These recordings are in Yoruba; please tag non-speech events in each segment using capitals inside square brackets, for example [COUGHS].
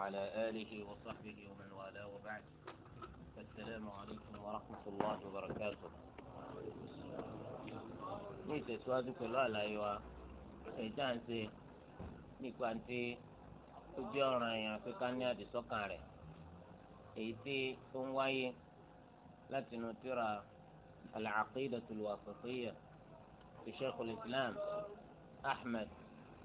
وعلى آله وصحبه ومن والاه وبعد السلام عليكم ورحمة الله وبركاته نيسى سؤالك الله لا يوا سيدان سي تجارة يا فكانيا دي سوكاري ايتي تنوي لاتنو ترى العقيدة الواسطية في شيخ الإسلام أحمد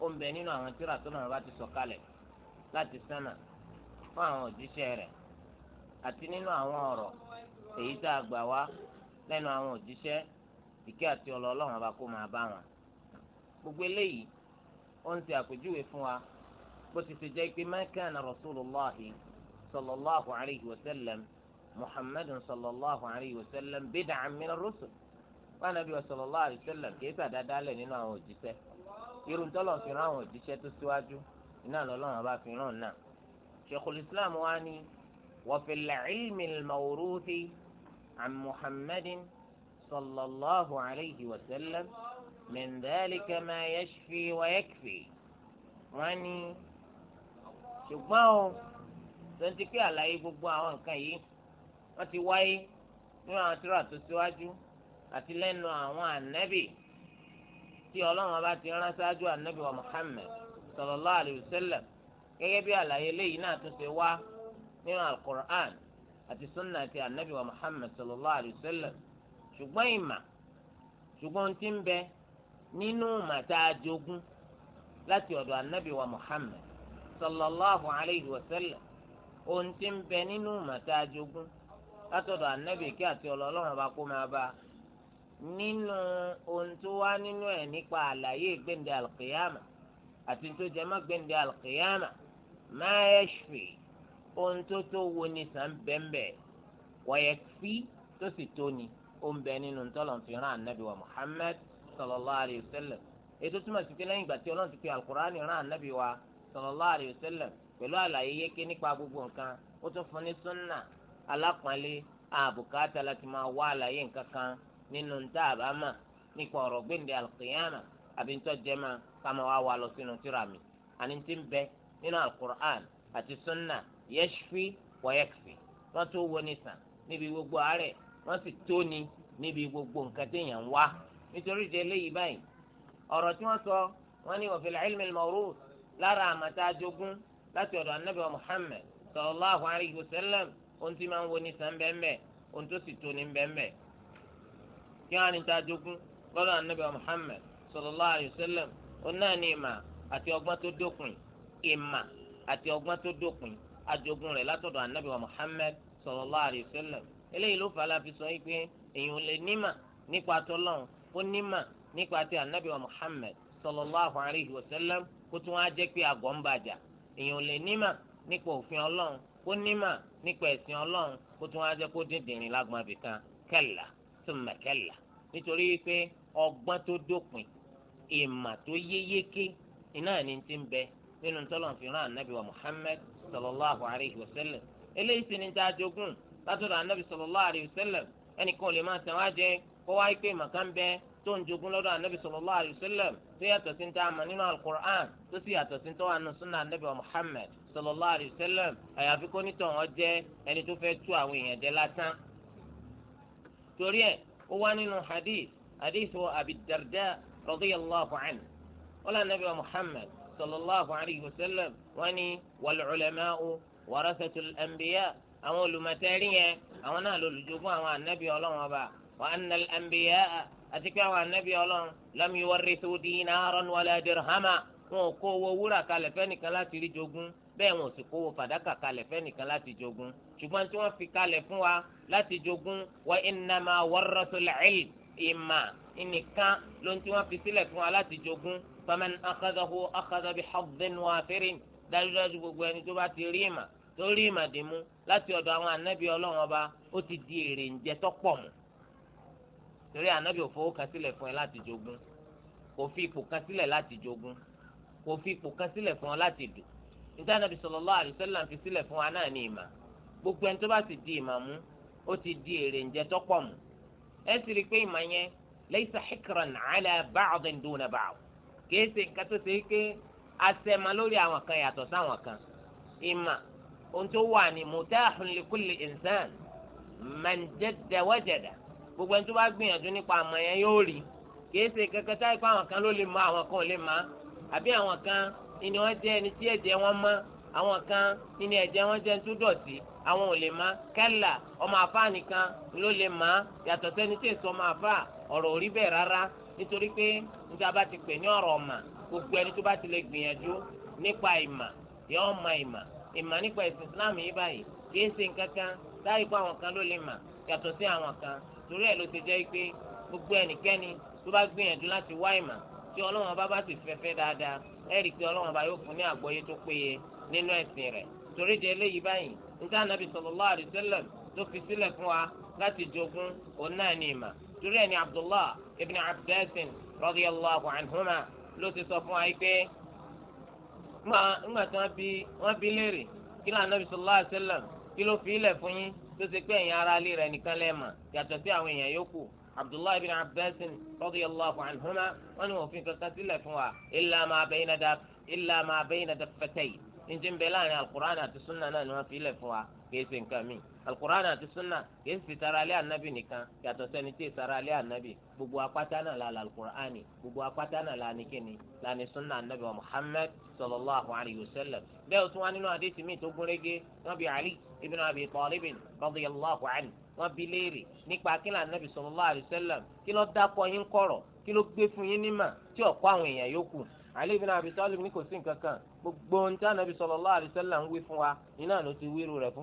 ó ń bẹ nínú àwọn tíra tó náà bá ti sọ kalẹ̀ láti sánà fún àwọn òjíṣẹ́ rẹ̀ àti nínú àwọn ọ̀rọ̀ èyí tá a gbà wá lẹ́nu àwọn òjíṣẹ́ ìkẹ́ àti ọlọ́ọ̀lọ́run ọba kó máa bá wọn. gbogbo eléyìí ó ń ṣe àpèjúwe fún wa bó ti ṣe jẹ́ pé ma kana sallallahu alayhi wa sallam muhammadun sallallahu alayhi wa sallam bid'an min ar-rusul wa wa sallallahu alayhi wa sallam kì í sàdáadáa lẹ̀ nínú àwọn òjíṣẹ́ irú tọ́lọ̀ fi rán àwọn òjíṣẹ́ tó síwájú iná lọ́lọ́run bá fi rán náà sheikhul islam wa ni wa fil ilmi al-mawruthi an muhammadin sallallahu alayhi wa sallam min dhalika ma yashfi wa yakfi wọ́n ní ṣùgbọ́n o tonti pé àlàyé gbogbo àwọn nǹkan yìí wọ́n ti wáyé nínú àwọn tírà tó síwájú àti lẹ́nu àwọn ànábì tí ọlọ́run ọba ti rán ṣáájú anabi wa muhammed sallallahu alayhi wa sallam gẹ́gẹ́ bí àlàyé léyìí náà tún ṣe wá nínú alukur'an àti sunna ti anabi wa muhammed sallallahu alayhi wa sallam ṣùgbọ́n ìmà ṣùgbọ́n ti ń bẹ nínú màtá jogún láti ọ̀dọ̀ anabi wa muhammed sallallahu alayhi wa sallam ohun ti ń bẹ nínú màtá jogún látọ̀dọ̀ anabi kí àti ọlọ́run ọba kó máa bá a nínú ohun tó wá nínú ẹ̀ nípa àlàyé gbẹ̀ndẹ̀ alqiyama àti tó jẹ mọ́ gbẹ̀ndẹ̀ alqiyama máa ẹ̀ ṣùfì ohun tó tó wo ni sàn bẹ́ẹ̀nbẹ́ wọ̀yẹ̀ fi tó sì tó ni ó ń bẹ nínú tọ́lọ̀ fi rán anabi wa muhammad sallallahu alayhi wa sallam ètò túmọ̀ sí pé lẹ́yìn ìgbà tí ọlọ́run ti fi alukur'ani rán anabi wa sallallahu alayhi wa sallam pẹ̀lú àlàyé yéké nípa gbogbo nǹkan ó tún fún ní sunna alápọ̀nlé àbùkátà láti máa wá àlàyé nǹkan kan nínú níta àbámà nípa ọ̀rọ̀ gbẹ̀ndẹ̀ alqiyama àbí ntọ́ jẹ́mà kàmá wà wà lọ sínú tírà mi àní ti ń bẹ nínú alukur'an àti sunna yashfi wa yakfi wọ́n tó wo ní sàn níbi gbogbo àárẹ̀ wọ́n sì tó ní níbi gbogbo nǹkan téèyàn ń wá nítorí ìdí eléyìí báyìí ọ̀rọ̀ tí wọ́n sọ wọ́n ní wa ilmi al lára àmàtà àjogún láti ọ̀dọ̀ anábìá Muhammad sallallahu alayhi wa sallam ohun tí máa ń wo ní bẹ́ẹ̀ bẹ́ẹ̀ ohun tó sì tó ní bẹ́ẹ̀ bẹ́ẹ̀ kí wọn ní ta jogún lọ́dọ̀ anabi muhammed sallallahu alayhi wa sallam ọ̀nà ni ìmà àti ọgbọ́n tó dópin ìmà àti ọgbọ́n tó dópin àjogún rẹ̀ látọ̀dọ̀ anabi muhammed sallallahu alayhi wa sallam eléyìí ló fà á láfi sọ pé èèyàn lè nímà nípa tọ́lọ́run ó nímà nípa ti anabi muhammed sallallahu alayhi wa sallam kó tún wá jẹ́ pé àgọ́ ń bàjá èèyàn lè nímà nípa òfin ọlọ́run kó nímà nípa ẹ̀sìn ọlọ́run kó tún wá jẹ́ kó dín dìrín lágbọ́n àbìkan kẹ́là thumma kalla nítorí pé ọgbọ́n tó dópin ìmà tó yéyéké iná ní ti ń bẹ nínú tọ́lọ̀ anabi wa muhammed sallallahu alayhi wa sallam eléyìí sì ni tá a látọ̀dọ̀ anabi sallallahu alayhi wa sallam ẹnìkan ò lè máa tàn wá jẹ kó wáyé pé màkà ń bẹ tó ń jogún lọ́dọ̀ anabi sallallahu alayhi wa sallam tó yàtọ̀ sí tá a mọ̀ nínú alukur'an tó sì yàtọ̀ sí tó wà nínú sunna anabi wa muhammed sallallahu alayhi wa sallam àyàfi kó nítọ̀ wọn jẹ ẹni tó fẹ́ tú àwọn èèyàn jẹ lásán torí ẹ̀ ó wá nínú hadith hadith wa Abi Darda radiyallahu anhu wọ́n lànà bí wa Muhammad sallallahu alayhi wa sallam wọ́n ní wal ulama'u warasatul anbiya àwọn olùmọ̀tẹ́rì yẹn àwọn náà lòlùjogún àwọn ànábì ọlọ́run ọba wa anna al anbiya àti pé àwọn ànábì ọlọ́run lam yuwarrithu dinaran wala dirhama wọn kó owó wúrà kalẹ̀ fẹ́nìkan láti rí jogún bẹ́ẹ̀ wọn ò sì kówó fàdákà kalẹ̀ fẹ́nìkan láti jogún ṣùgbọ́n tí wọ́n fi kalẹ̀ fún wa láti jogún wa innama warratul ilm ìmà nìkan ló ń tí wọ́n fi sílẹ̀ fún wa láti jogún faman akhadahu akhadha bi haddin wafirin dájúdájú gbogbo ẹni tó bá ti rí ìmà tó rí ìmà dì mú láti ọ̀dọ̀ àwọn anábì ọlọ́run ọba ó ti di èrè ǹjẹ́ tó pọ̀ mọ́ torí anábì òfowó kan fún ẹ láti jogún kò fi ipò kan láti jogún kò fi ipò níta nàbì sallallahu alaihi wasallam fi sílẹ̀ fún wa náà ní ìmà gbogbo ẹni tó bá sì di ìmà mú ó ti di èrè ǹjẹ́ tọ́pọ̀ mù ẹ sì rí i pé ìmà yẹn laysa hikran ala ba'din duna ba'd kìí ṣe nǹkan tó ṣe pé asẹ́mà lórí àwọn kan yàtọ̀ sáwọn kan ìmà ohun tó wà ní mutahun li kulli insan gbogbo ẹni tó bá gbìyànjú nípa àmọ́ yẹn yóò rí kìí ṣe kankan táyé àwọn kan ló lè mọ àwọn kan ò lè mọ àbí àwọn kan ni wọ́n jẹ́ ẹni tí ẹ̀jẹ̀ wọn mọ́ àwọn kan nínú ẹ̀jẹ̀ wọn jẹ́ tó dọ̀tí àwọn ò lè má kẹ́là ọmọ àfa nìkan ló lè má yàtọ̀ sẹ́ni tí èso ọmọ àfa ọ̀rọ̀ ò rí bẹ́ẹ̀ rárá nítorí pé níta bá ti pè ní ọ̀rọ̀ ọ̀mà gbogbo ẹni tó bá ti lè gbìyànjú nípa ìmà yọ ọmọ ìmà ìmà nípa ìsìn Islam yìí báyìí kìí ṣe nǹkan kan táyì pé àwọn kan ló lè mà yàtọ̀ sí àwọn kan torí ẹ̀ ló ti jẹ́ pé gbogbo ẹnikẹ́ni tó bá gbìyànjú láti wá ìmà tí ọlọ́run bá bá sì fẹ́fẹ́ dáadáa ẹ rí i pé ọlọ́run ọba yóò fún ní àgbọ́yé tó péye nínú ẹ̀sìn rẹ̀ torí di eléyìí báyìí níta nàbì sallallahu alaihi tó fi sílẹ̀ fún wa láti jogún òun náà ní ìmà torí ẹni ibn ló ti sọ fún wa yìí pé wọ́n léèrè kí lóò nàbì kí abdullahi bin abbas radiyallahu anhuma wọn ni wọn fi kankan sílẹ̀ fún wa illa ma bayna daf illa ma bayna dafatay njẹ́ ń bẹ láàrin alukur'an àti sunna náà ni wọ́n fi lẹ̀ fún wa kìí ṣe nǹkan mi alukur'an àti sunna kìí ṣe sara alẹ́ anabi nìkan yàtọ̀ sẹ́ni tí ì sara alẹ́ anabi gbogbo apáta náà la la alukur'ani gbogbo apáta náà la ni kíni la ni sunna anabi wa muhammad sallallahu alayhi wa sallam bẹ́ẹ̀ o tún wá nínú adé tìmí tó gúnrégé nabi ali ibn abi talibin radiyallahu anhu wọn bi léèrè nípa kí lànà nàbì sallallahu alaihi wasallam kí ló dákọ yín kọ̀rọ̀ kí ló gbé fún yín nímà tí ọkọ àwọn èèyàn yòókù Ali ibn Abi ní kò sí nǹkan kan gbogbo ohun tí ànàbì sallallahu alaihi wasallam wí fún wa iná ló ti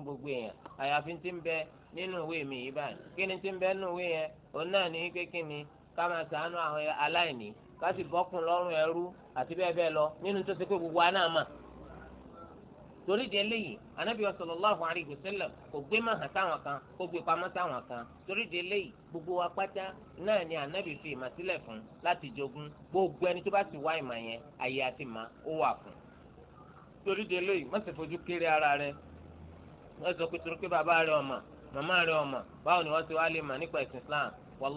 gbogbo èèyàn àyàfi ti ń bẹ nínú ìwé mi yìí báyìí kí ni ti ń bẹ nínú ìwé yẹn òun náà ní torí de eléyìí anabi sallallahu alayhi wa sallam kò gbé máa hàn sáwọn kan kò gbé pamọ́ sáwọn kan torí de eléyìí gbogbo wa pátá náà ni anabi fi ìmọ̀ sílẹ̀ fún láti jogún gbogbo ẹni tó bá ti wá ìmọ̀ yẹn ayé àti ìmọ̀ ó wà fún. torí eléyìí má fojú ara rẹ wọ́n sọ pé bàbá rẹ ọmọ báwo ni wọ́n ti wá lè mọ̀ nípa Islam ó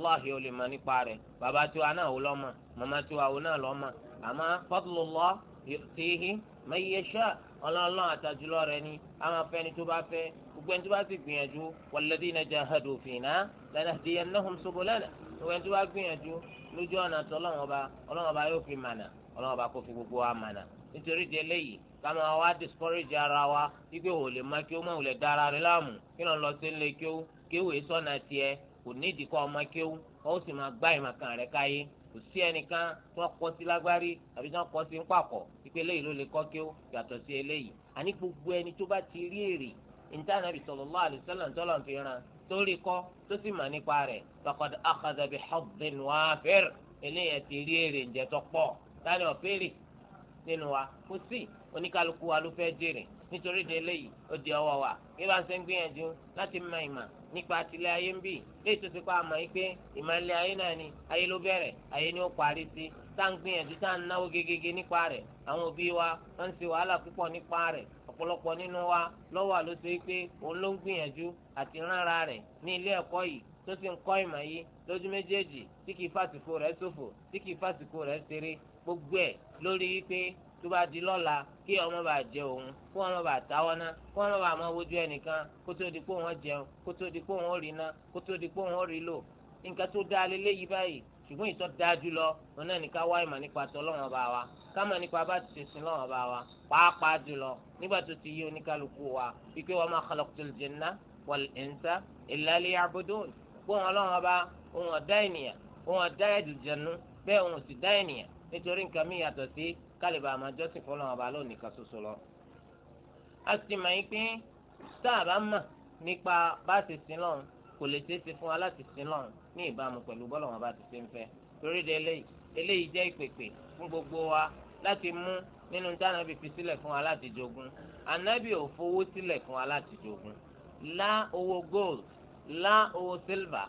mọ̀ nípa rẹ̀ bàbá tiwa náà lọ́mọ màmá tiwa náà lọ́mọ àmọ́ yòtíhì mẹyẹsà ọlọ́ọ̀lọ́ àtàjùlọ rẹ ni a máa fẹ́ ni tó bá fẹ́ gbogbo ẹni tó bá sì gbìyànjú walladhina jahadu fina lanahdiyannahum subulana gbogbo ẹni tó bá gbìyànjú lójú ọ̀nà tó ọlọ́wọ́ba ọlọ́wọ́ba yóò fi mànà ọlọ́wọ́ba kò fi gbogbo wa mànà nítorí di eléyìí káma wa discourage ara wa wípé wò lè má kí ó má da ara rẹ láàmú kí lọ́n lọ sí ilé kí ó kí ó ó sì kò sí ẹnìkan tí wọ́n kọ́ sí lágbárí àbí tí wọ́n kọ́ sí ńpàkọ́ wípé eléyìí ló lè kọ́ kí ó yàtọ̀ sí eléyìí àní gbogbo ẹni tó bá ti rí èrè ìntànàbì sallallahu alaihi wasallam tọ́lọ̀ ń fi ran tó rí kọ́ tó sì mà nípa rẹ̀ faqad akhadha bi haddin eléyìí ti rí èrè ǹjẹ́ tó táni ọ̀fẹ́rẹ̀ nínú wa kò sí oníkálukú wa ló fẹ́ jèrè nítorí de eléyìí ó di ọwọ́ wa bí wàá ṣe ń gbìyànjú láti mọ ìmọ̀ nípa àtìlẹ̀ ayé ń bì léyìí tó ti pa àmọ́ yìí pé ìmọ̀lẹ̀ ayé náà ni ayé ló bẹ̀rẹ̀ ayé ni ó parí sí tá ń gbìyànjú tá ń náwó gegege nípa rẹ̀ àwọn òbí wa wọ́n ń ṣe wàhálà púpọ̀ nípa rẹ̀ ọ̀pọ̀lọpọ̀ nínú wa lọ́wọ́ àló ṣe pé òun ló ń gbìyànjú àti ránra rẹ̀ ní ilé ẹ̀kọ́ yìí tó ti ń kọ́ ìmọ̀ yìí lójú méjèèjì tí kìí fàsìkò rẹ̀ ṣòfò tí kìí fàsìkò rẹ̀ ṣeré gbogbo ẹ̀ lórí pé tó bá di lọ́la kí ọmọ bá jẹ òun kó ọmọ bá táwọ́ ná kó ọmọ bá máa wojú ẹnìkan kó tó di pé òun jẹun kó tó di pé òun rí ná kó tó di pé òun rí lò nǹkan tó dáa lélẹ́yìí báyìí ṣùgbọ́n ìtọ́ dáa jùlọ òun náà nìkan wá ìmọ̀ nípa tọ́ lọ́wọ́n bá wa kámọ̀ nípa bá ti sin lọ́wọ́n bá wa pàápàá jùlọ nígbà tó ti yé oníkálukú wa wípé wa ma khalaqtul jinna wal insa illa liya'budun kó wọn lọ́wọ́n bá òun ọ̀dá ènìyàn òun ọ̀dá ẹ̀dùn jẹ̀nu bẹ́ẹ̀ òun sì dá ènìyàn nítorí nǹkan mí yàtọ̀ sí kálíbà àmọ́ jọ́sìn fọlọ́n ọba lónìí kan ṣoṣo lọ. a sì mọ̀ yín pé tá a bá mọ̀ nípa bá ti sin lọ́run kò lè ṣeé ṣe fún wa láti sin lọ́run ní ìbámu pẹ̀lú bọ́lọ̀ wọn bá ti ṣe ń fẹ́ torí de eléyìí eléyìí jẹ́ ìpèpè fún gbogbo wa láti mú nínú tánàbì fi sílẹ̀ fún wa láti jogún ànábì ò fowó sílẹ̀ fún wa láti jogún lá owó gold lá owó silver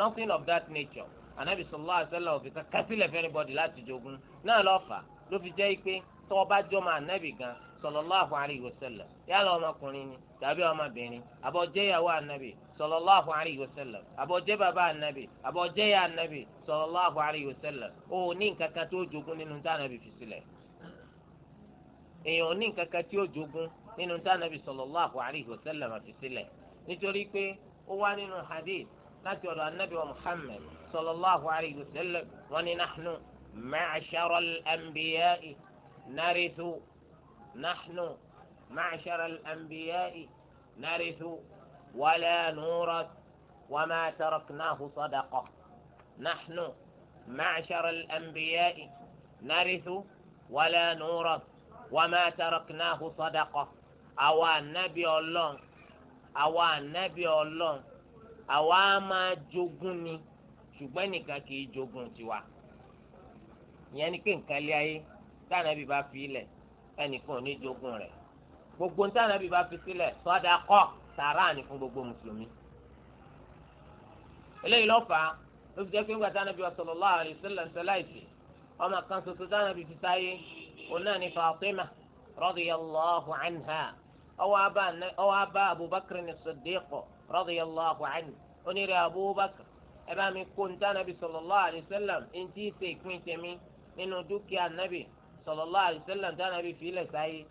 nothing of that nature ànábì sallallahu alaihi wasallam ò fi kásílẹ̀ fún anybody láti jogún náà lọ́ọ́ fà á ló fi jẹ́ pé tó o bá jọ máa nẹ́bì gan sọlọ́láhùn àríwò sẹlẹ̀ yálà ọmọkùnrin ni tàbí ọmọbìnrin àbọ̀jẹ́ ìyàwó ànábì sọlọ́láhùn àríwò sẹlẹ̀ àbọ̀jẹ́ bàbá ànábì àbọ̀jẹ́ ìyá ànábì sọlọ́láhùn àríwò sẹlẹ̀ o ní nǹkan kan tí ó jogún nínú tá ànábì fi sílẹ̀ èèyàn ò ní nǹkan kan tí ó jogún nínú tá ànábì sọlọ́láhùn àríwò sẹlẹ̀ mà fi sílẹ̀ nítorí pé ó wá nínú hadith láti ọ̀dọ̀ ànábì wa Muhammad sọlọ́láhùn àríwò sẹlẹ̀ wọ́n ní nahnu معشر الأنبياء نرث نحن معشر الأنبياء نرث ولا نورث وما تركناه صدقة نحن معشر الأنبياء نرث ولا نورث وما تركناه صدقة أو النبي الله أو النبي الله أو ما جوجني شو بني كاكي جوجن ìyẹn ni pé nǹkan lé ayé tànàbí bá fi ilẹ̀ ẹnìkan ò ní jogún rẹ̀ gbogbo tànàbí bá fi sílẹ̀ sọ́dà kọ́ sàrà ni fún gbogbo mùsùlùmí. eléyìí ló fà á ló fi jẹ́ pé ńgbà tànàbí sallallahu alaihi wasallam láìsí ọmọ kan ṣoṣo tànàbí fi sáyé òun náà ni Fatima radiyallahu anha ọwọ́ abá Abubakar ni Siddiq radiyallahu anhu onírè Abubakar ẹ bá mi kó ntànàbí sallallahu alaihi wasallam ntí ṣe ìpín tèmi nínú dúkìá nàbì sallallahu alaihi wasallam tí nàbì fìlẹ̀ sáyé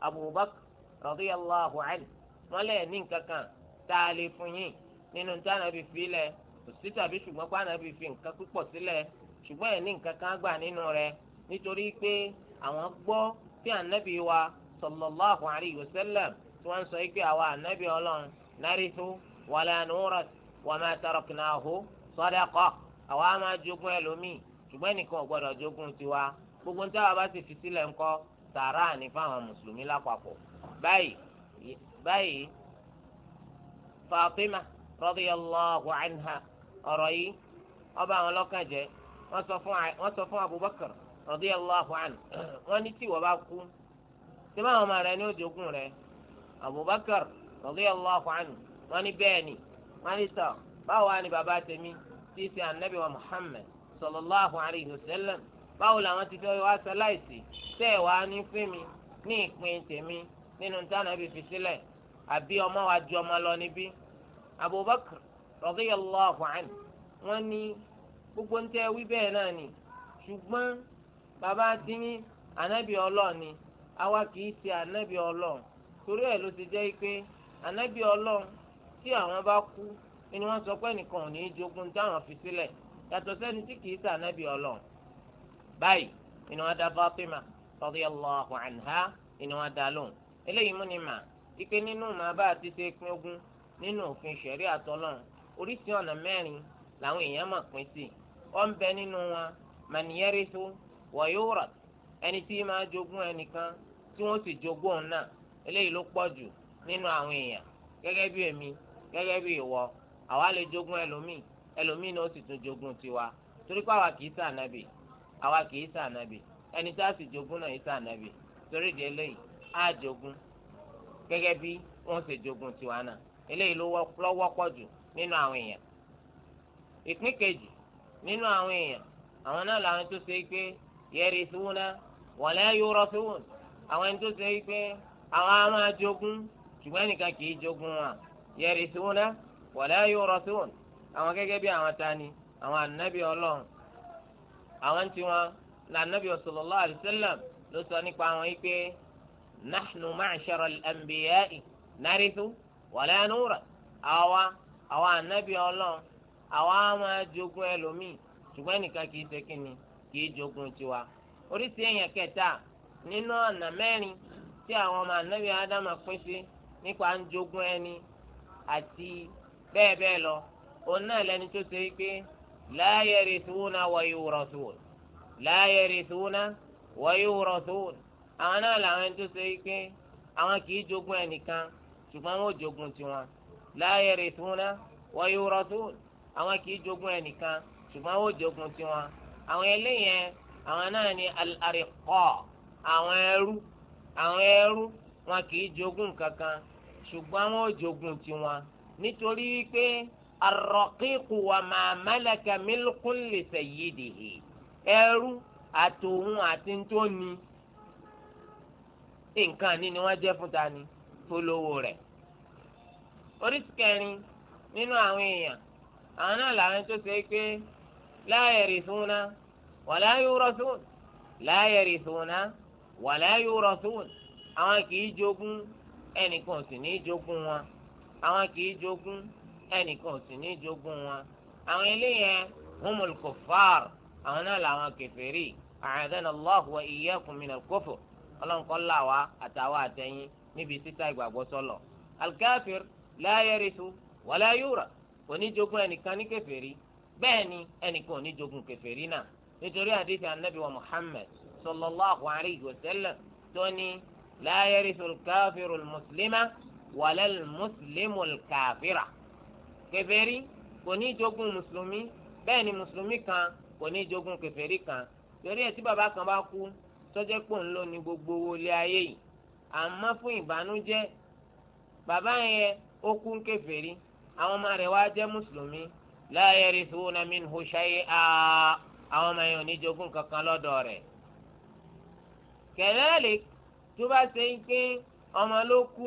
abubakar radiyallahu anhu wọn lè ní nǹkan kan tá a lè fún yín nínú tí nàbì fìlẹ̀ òsì tàbí ṣùgbọ́n pa nàbì fi nǹkan púpọ̀ sílẹ̀ ṣùgbọ́n ẹ̀ ní nǹkan kan gbà nínú rẹ̀ nítorí pé àwọn gbọ́ tí ànábì wa sallallahu alaihi wasallam tí wọ́n sọ pé àwa ànábì ọlọ́run narithu wala nurat wa ma taraknahu sadaqa àwa máa ẹlòmíì ṣùgbọ́n ẹnìkan ò jogún tiwa gbogbo ń táwa bá sì fi sílẹ̀ ńkọ́ sàárà ní fáwọn mùsùlùmí lápapọ̀ báyìí báyìí Fatima radiyallahu anha ọ̀rọ̀ yìí ọba àwọn ọlọ́kàn jẹ́ sọ fún Abubakar radiyallahu anhu wọ́n ní tí wọ́n bá kú tí báwọn ọmọ rẹ ní ó jogún rẹ Abubakar radiyallahu anhu wọ́n ní ni wọ́n ní sọ báwo wá ní bàbá sallallahu alayhi wa sallam báwo làwọn ti fẹ́ wá sáláìsì tẹ́ ẹ̀ wá ní fún mi ní ìpín tèmi nínú táwọn ẹbí fi sílẹ̀ àbí ọmọ wa ju ọmọ lọ níbí Abubakar radiyallahu anhu wọ́n ní gbogbo ń tẹ́ wí bẹ́ẹ̀ náà ni ṣùgbọ́n bàbá tiyín ànábì ọlọ́ọ̀ni àwa kì í ṣe ànábì ọlọ́ọ̀ torí ẹ̀ ló ti jẹ́ pé ànábì ọlọ́ọ̀ tí àwọn bá kú ni wọ́n sọ pé nìkan ò ní í jogún táwọn fi sílẹ̀ yàtọ̀ sẹ́ni tí kìí sà nábì ọlọ́run báyìí inú wa dá Fatima radiyallahu anha inú wa dá lóhùn eléyìí mú ni mà ike nínú màá bá a ti ṣe pín ogún nínú òfin ṣẹ̀rí àtọ́lọ́run oríṣi ọ̀nà mẹ́rin làwọn èèyàn máa pín sí ó ń bẹ nínú wọn man yarithu wa ẹni tí máa jogún ẹnìkan tí wọ́n sì jogún òun náà eléyìí ló pọ̀ jù nínú àwọn èèyàn gẹ́gẹ́ bí èmi gẹ́gẹ́ bí ìwọ àwa lè jogún ẹlòmíì ẹlòmíín náà ó sì tún jogún tiwa torí pé àwa kìí sànàbì àwa kìí sànàbì ẹni tá a sì jogún náà yìí sànàbì torí di eléyìí á jogún gẹ́gẹ́ bí wọ́n ṣe jogún tiwa náà eléyìí ló wọ́pọ̀ jù nínú àwọn èèyàn ìpín kejì nínú àwọn èèyàn àwọn náà làwọn tó ṣe pé yẹri síwúná wọn lẹ́yìn yóò rọ síwún àwọn tó ṣe pé àwọn á máa jogún ṣùgbọ́n nìkan kì í jogún wọn yẹri síwúná wọn lẹ́yìn yóò rọ síwún àwọn gẹ́gẹ́ bí àwọn tani àwọn ànábì ọlọ́run àwọn tí wọn lànàbì sallallahu alaihi wasallam ló sọ nípa àwọn yìí pé nahnu ma'shara al-anbiya'i narithu wala nura àwa àwa ànábì ọlọ́run àwa máa jogún ẹlòmíì ṣùgbọ́n ẹnìkan kì í ṣe kínni kì í jogún tiwa oríṣi èèyàn kẹta nínú ọ̀nà mẹ́rin tí àwọn ọmọ ànábì ádámà pín nípa ń jogún ẹni àti bẹ́ẹ̀ bẹ́ẹ̀ lọ òun náà lẹni tó ṣe é pé la yarithuna wa yurathun la yarithuna wa yurathun àwọn náà làwọn ẹni tó ṣe é pé àwọn kì í jogún ẹnìkan ṣùgbọ́n wọn ò jogún tiwọn la yarithuna wa yurathun àwọn kì í jogún ẹnìkan ṣùgbọ́n wọn ò jogún tiwọn àwọn eléyẹn àwọn náà ni al àwọn ẹrú àwọn ẹrú wọn kì í jogún kankan ṣùgbọ́n wọn ò jogún tiwọn nítorí wípé arọ̀kíkù wà máa mẹ́lẹ̀kẹ́ mílíkùn lè sẹ̀yídìhì ẹrú àtòhun àti ntóni nǹkan ní ni wọ́n jẹ́ fún ta ni polówó rẹ̀. oríṣi kẹrin nínú àwọn èèyàn àwọn náà làwọn tó ṣe pé láàyè rìsúná wàlá yóò rọ́sùn láàyè rìsúná wàlá yóò rọ́sùn àwọn kì í jogún ẹnìkan sì ní í jogún wọn àwọn kì í jogún ẹnìkan ò sì ní jogún wọn àwọn eléyẹn humul kuffar àwọn náà làwọn kèfèrí a'adana Allahu wa iyyakum minal kufr ọlọ́nkọ́ là wá àtàwọn àtẹ̀yìn níbi títà ìgbàgbọ́ sọ̀lọ̀ al-kafir la yarithu wala yura kò ní jogún ẹnìkan ní kèfèrí bẹ́ẹ̀ ni ẹnìkan ò ní jogún kèfèrí náà nítorí àdìsí anabi wa Muhammad sallallahu alayhi wa sallam tó ní la muslima wala al kafira kèfèrí kò ní jogún mùsùlùmí bẹ́ẹ̀ ni mùsùlùmí kan kò ní jogún kèfèrí kan torí ẹ̀ tí bàbá kan bá kú sọ́jẹ́ pò ń lò ní gbogbo owó ilé ayé yìí àmọ́ fún ìbànújẹ́ bàbá yẹn ó kú ń kèfèrí àwọn ọmọ rẹ̀ wá jẹ́ mùsùlùmí la yarithuna minhu shay'a àwọn ọmọ yẹn ò ní jogún kankan lọ́dọ̀ rẹ̀ kẹlẹ́ẹ̀lì tó bá ṣe ń pín ọmọ ló kú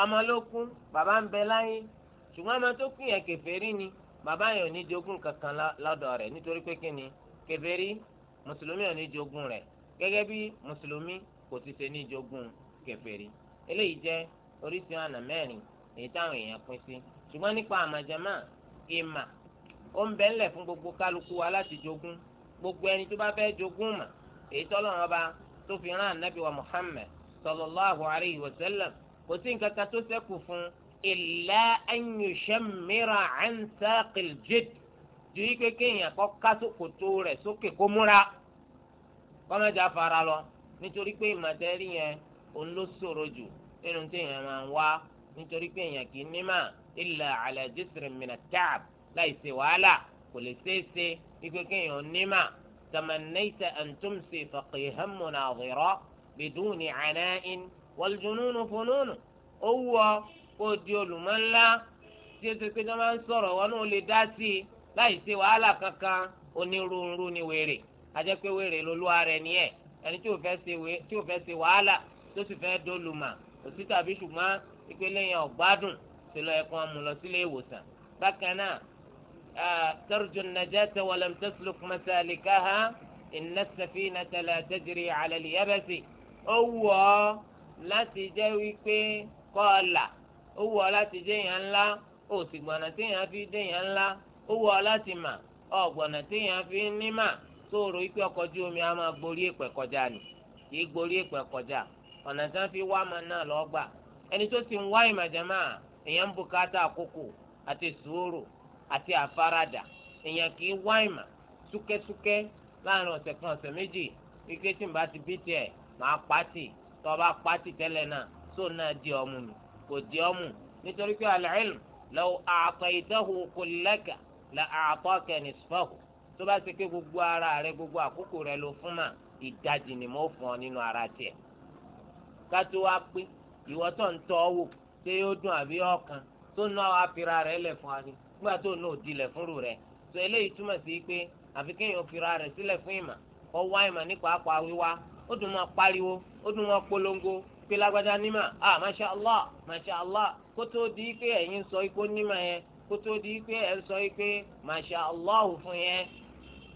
ọmọ ló kú bàbá ń bẹ láyé ṣùgbọ́n ọmọ tó kú yẹn kèfèrí ni bàbá yẹn ò ní jogún kankan lọ́dọ̀ rẹ̀ nítorí pé kíni kèfèrí mùsùlùmí ò ní jogún rẹ̀ gẹ́gẹ́ bí mùsùlùmí kò ti ṣe ní jogún kèfèrí eléyìí jẹ́ oríṣi ọ̀nà mẹ́rin èyí táwọn èèyàn pín sí ṣùgbọ́n nípa àmàjẹ́mà ìmà ó ń bẹ fún gbogbo kálukú wa láti jogún gbogbo ẹni tó bá fẹ́ jogún mà èyí tọ́lọ́run Muhammad sallallahu alayhi wa kò sí nǹkan kan tó ṣẹ́kù fún illa an yushammira an saqil jid ju yí pé kéèyàn kọ́ ká sókòtò rẹ̀ sókè kó múra kọ́mẹ́jà fara lọ nítorí pé ìmọ̀tẹ́rì yẹn òun ló ṣòro jù nínú téèyàn máa ń wá nítorí pé èèyàn kì í nímà illa ala jisrin min at láì ṣe wàhálà kò lè ṣeéṣe wípé kéèyàn nímà tamannayta an tumsi faqihan munadira biduni ana'in wàlùjùnúnù fúnúnù ó wù ọ kó o di olùmọ̀ ńlá tí o ti pé tó máa ń sọ̀rọ̀ wọn náà lè dá sí i láì ṣe wàhálà kankan onírúurú ni wèrè ajẹ́ pé wèrè lolúwa rẹ̀ ni ẹ̀ ẹni tí o fẹ́ ṣe wàhálà tó sì fẹ́ dolùmọ̀ òsì tàbí ṣùgbọ́n ìpele yẹn ọ̀gbádùn ti lọ ẹ̀kan mú lọ sílé ìwòsàn bákan náà tarju najata wa lam tasluk masalikaha inna safinata la tajri ala al-yabasi ó wù ọ́ láti jẹ́ wípé kọ́ ọ là ó wù ọ láti jẹ́ èèyàn ńlá ó sì gbọ̀nà tí èèyàn fi dé èèyàn ńlá ó wù ọ láti mà ọ gbọ̀nà tí èèyàn fi ní mà tó rò wípé ọkọ̀ ojú omi á máa gborí èpè kọjá ni kì í gborí èpè kọjá ọ̀nà tí wọ́n fi wá ọmọ náà lọ́gbà. gbà ẹni tó sì ń wá ìmọ̀jẹ̀má èèyàn ń bùkátà àkókò àti sùúrù àti àfaradà èèyàn kì í wá ìmọ̀ súkẹ́súkẹ́ láàrin ọ̀sẹ̀ kan ọ̀sẹ̀ méjì ike tí n bá ti bí tiẹ̀ máa pàtì tọba pati tẹ́lẹ̀ náà só náà di ọmú mi kò di ọmú nítorí pé al-ilm law a'taytahu kullaka la a'taka nisfahu tó bá ṣe pé gbogbo ara rẹ gbogbo àkókò rẹ ló fún mà ìdajì ni mo fún ọ nínú ara tiẹ̀ kátó wá pé ìwọ tó ń tọ́ wò ṣé yóò dùn àbí ọkàn tó ná àfira rẹ lẹ̀ fún ani nígbà tó ná òdìlẹ̀ fúnru rẹ tó eléyìí túmọ̀ sí pé àfi kéèyàn fira sílẹ̀ fún ìmọ̀ kọ́ wá nípa apá wíwá ó dùn máa pariwo ó dùn máa polongo pé lagbada nímà ah masha allah masha allah kó tó di pé ẹ̀yin sọ ipò nímà yẹn kó tó di pé ẹ̀ sọ pé masha allah fún yẹn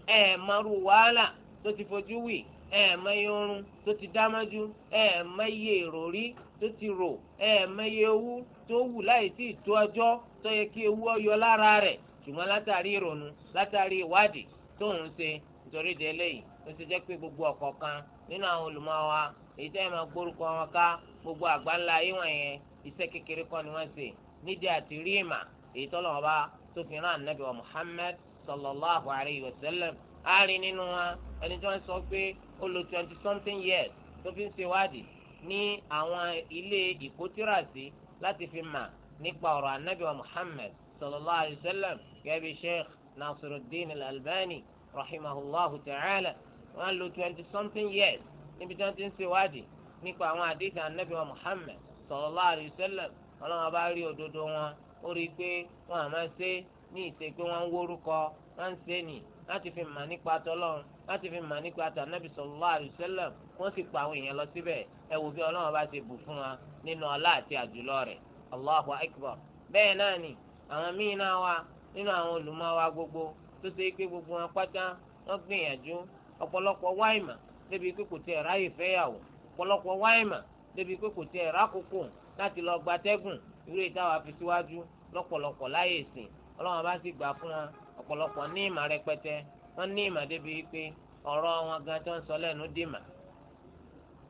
ẹ̀ maru wàhálà tó ti fojú wì ẹ̀ mẹ́yẹ oorun tó ti dámájú ẹ̀ mẹ́yẹ ìròrí tó ti rò ẹ̀ mẹ́yẹ ewu tó wù láì tí ì tó ọjọ́ tó yẹ kí ewu ọyọ lára rẹ̀ ṣùgbọ́n látàrí ìrònú látàrí ìwádìí tó ń ṣe nítorí délé yìí ló ti jẹ́ pé gbogbo ọ̀kọ̀ọ̀kan nínú àwọn olùmọ̀ wa èyí tẹ́ ẹ máa gbórúkọ wọn ká gbogbo àgbáńlá ayé wọ̀nyẹn iṣẹ́ kékeré kọ́ ni wọ́n ṣe nídìí àti rí ìmà èyí tọ́lọ̀ wọn bá tó fi rán ànábì wa Muhammad sallallahu alayhi wa sallam á rí nínú wọn ẹni tí wọ́n sọ pé ó lo twenty something years tó fi ń ṣèwádìí ní àwọn ilé ìkótírasì láti fi mà nípa ọ̀rọ̀ ànábì wa Muhammad sallallahu alayhi wa sallam gẹ́gẹ́ bí sheikh Nasiruddin albani rahimahullahu ta'ala wọ́n lo twenty something years níbi tí wọ́n ti ń ṣèwádìí nípa àwọn àdéhùn anábì wa Muhammad sallallahu alaihi wasallam ọlọ́run bá rí òdodo wọn ó rí i pé wọ́n á máa ṣe ní ìṣe pé wọ́n ń wórúkọ wọ́n ń ṣe nì láti fi mà nípa tọlọ́run láti fi mà nípa tànábì sallallahu alaihi wasallam wọ́n sì pa àwọn èèyàn lọ síbẹ̀ ẹ wò bí ọlọ́run bá ti bù fún wa nínú ọlá àti àjùlọ rẹ̀ Allahu akbar bẹ́ẹ̀ náà ni àwọn míín náà wà nínú àwọn olùmọ̀ wa gbogbo tó ṣe pé gbogbo wọn pátá wọ́n gbìyànjú ọ̀pọ̀lọpọ̀ wáìmà débi pé kò tiẹ̀ ráyè fẹ́yàwó ọ̀pọ̀lọpọ̀ wáìmà débi pé kò tiẹ̀ rákòókò láti lọ gbatẹ́gùn irú ìtawà fi síwájú lọ́pọ̀lọpọ̀ láyè sìn ọlọ́run bá sì gbà fún wọn ọ̀pọ̀lọpọ̀ ní ìmà rẹpẹtẹ wọ́n ní ìmà débi pé ọ̀rọ̀ wọn gan tó ń sọ lẹ́nu dìmà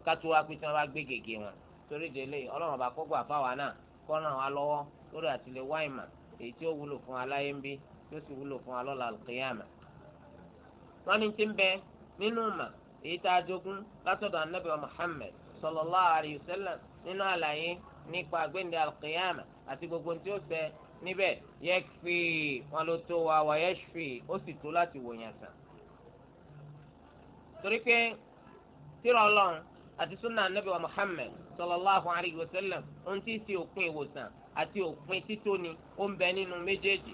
kátó wá pé tí wọ́n bá gbé gègé wọn torí délé ọlọ́run bá kọ́gbà fáwa náà kọ́ ràn wá lórí àtìlẹ́ wá èyí tí ó wúlò fún wa ń bí tí sì wúlò fún wa àlùkìyàmà wọ́n ní ti ń bẹ nínú mà èyí tá a jogún látọ̀dọ̀ anabi wa muhammed sallallahu alayhi wa sallam nínú àlàyé nípa gbẹ̀ndẹ̀ alqiyama àti gbogbo tí ó ṣe níbẹ̀ yẹ́kfì wọn ló tó wa wà yẹ́ṣfì ó sì tó láti wòyàn sàn. torí pé tírà ọlọ́run àti sunna anabi wa muhammed sallallahu alayhi wa sallam ohun tí í ṣe òpin ìwòsàn àti òpin títóni ó ń bẹ nínú méjèèjì.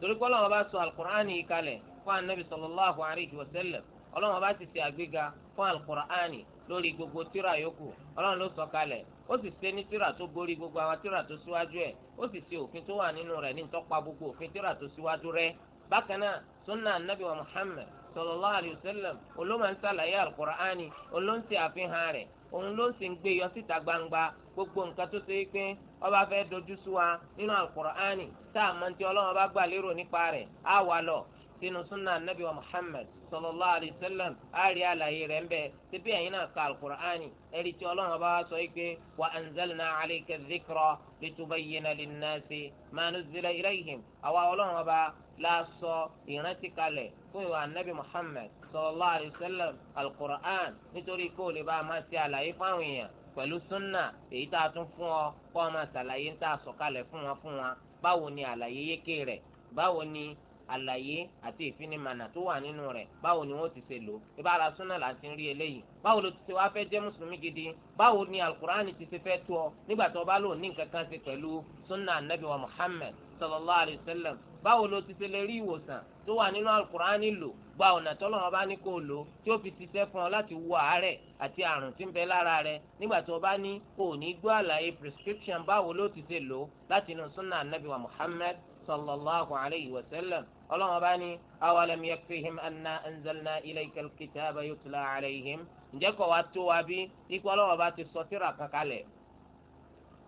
torí pé ọlọ́run bá sọ alukur'an yìí kalẹ̀ fún anabi sallallahu alayhi wa sallam ọlọ́run ọba ti ṣe àgbéga fún alukur'ani lórí gbogbo tíra yòókù ọlọ́run ló sọ kalẹ̀ ó sì ṣe ní tíra tó borí gbogbo àwọn tíra tó síwájú ẹ̀ ó sì ṣe òfin tó wà nínú rẹ̀ ní ìtọ́pa gbogbo òfin tíra tó síwájú rẹ̀ bákan náà sunna anabi wa muhammad sallallahu alayhi wa sallam olóma sàlàyé alukur'ani olóń ṣe àfihàn rẹ̀ òun ló sì ń gbé yọ síta gbangba gbogbo nǹkan tó ṣe é pé ọba fẹ́ dojú sú wa nínú alukur'ani tá a mọ̀ ti ọlọ́run ọba gbà lérò nípa rẹ̀ á wà lọ sínú sunna anabi wa muhammad sallallahu alayhi wa sallam àárí àlàyé rẹ̀ ń bẹ síbí ẹ̀yin náà ka alukur'ani ẹ̀rí tí ọlọ́run bá sọ yìí pé wa anzalna alayka dhikra litubayyina linnasi ma nuzila ilayhim àwa ọlọ́run bá láàsọ ìrántí kalẹ̀ fún ìwà anabi muhammad sallallahu alayhi wa sallam alukur'an nítorí kó o lè bá a máa ṣe àlàyé fáwọn èèyàn pẹ̀lú sunna èyí tá a tún fún ọ kó o máa ṣàlàyé ń tà sọ̀kalẹ̀ fún wọn fún wọn báwo ni àlàyé yékè rẹ̀ báwo ni àlàyé àti ìfinimànà tó wà nínú rẹ̀ báwo ni wọ́n ti ṣe lò ìbára súnà là ń ti rí eléyìí báwo ló ti ṣe wá fẹ́ jẹ́ mùsùlùmí gidi báwo ni alukur'an ti ṣe fẹ́ tó ọ nígbà tó o bá lò ní nǹkan kan ṣe pẹ̀lú súnà anabi wa muhammed sallallahu alayhi wa sallam báwo ló ti ṣe lè rí ìwòsàn tó wà nínú alukur'an lò gba ọ̀nà tọ́lọ́run bá ní kó o lò tí ó fi ṣiṣẹ́ fún ọ láti wo àárẹ̀ àti àrùn tí ń bẹ lára rẹ nígbà tó o bá ní kò ní gbọ́ àlàyé prescription báwo ló ti ṣe lò láti inú súnà anabi muhammed sallallahu alayhi wa sallam ọlọ́run ọba ní awalam yakfihim anna anzalna ilayka alkitaba yutla alayhim ǹjẹ́ kò wá tó wa bí ikú ọlọ́run ọba ti sọ tírà kan kalẹ̀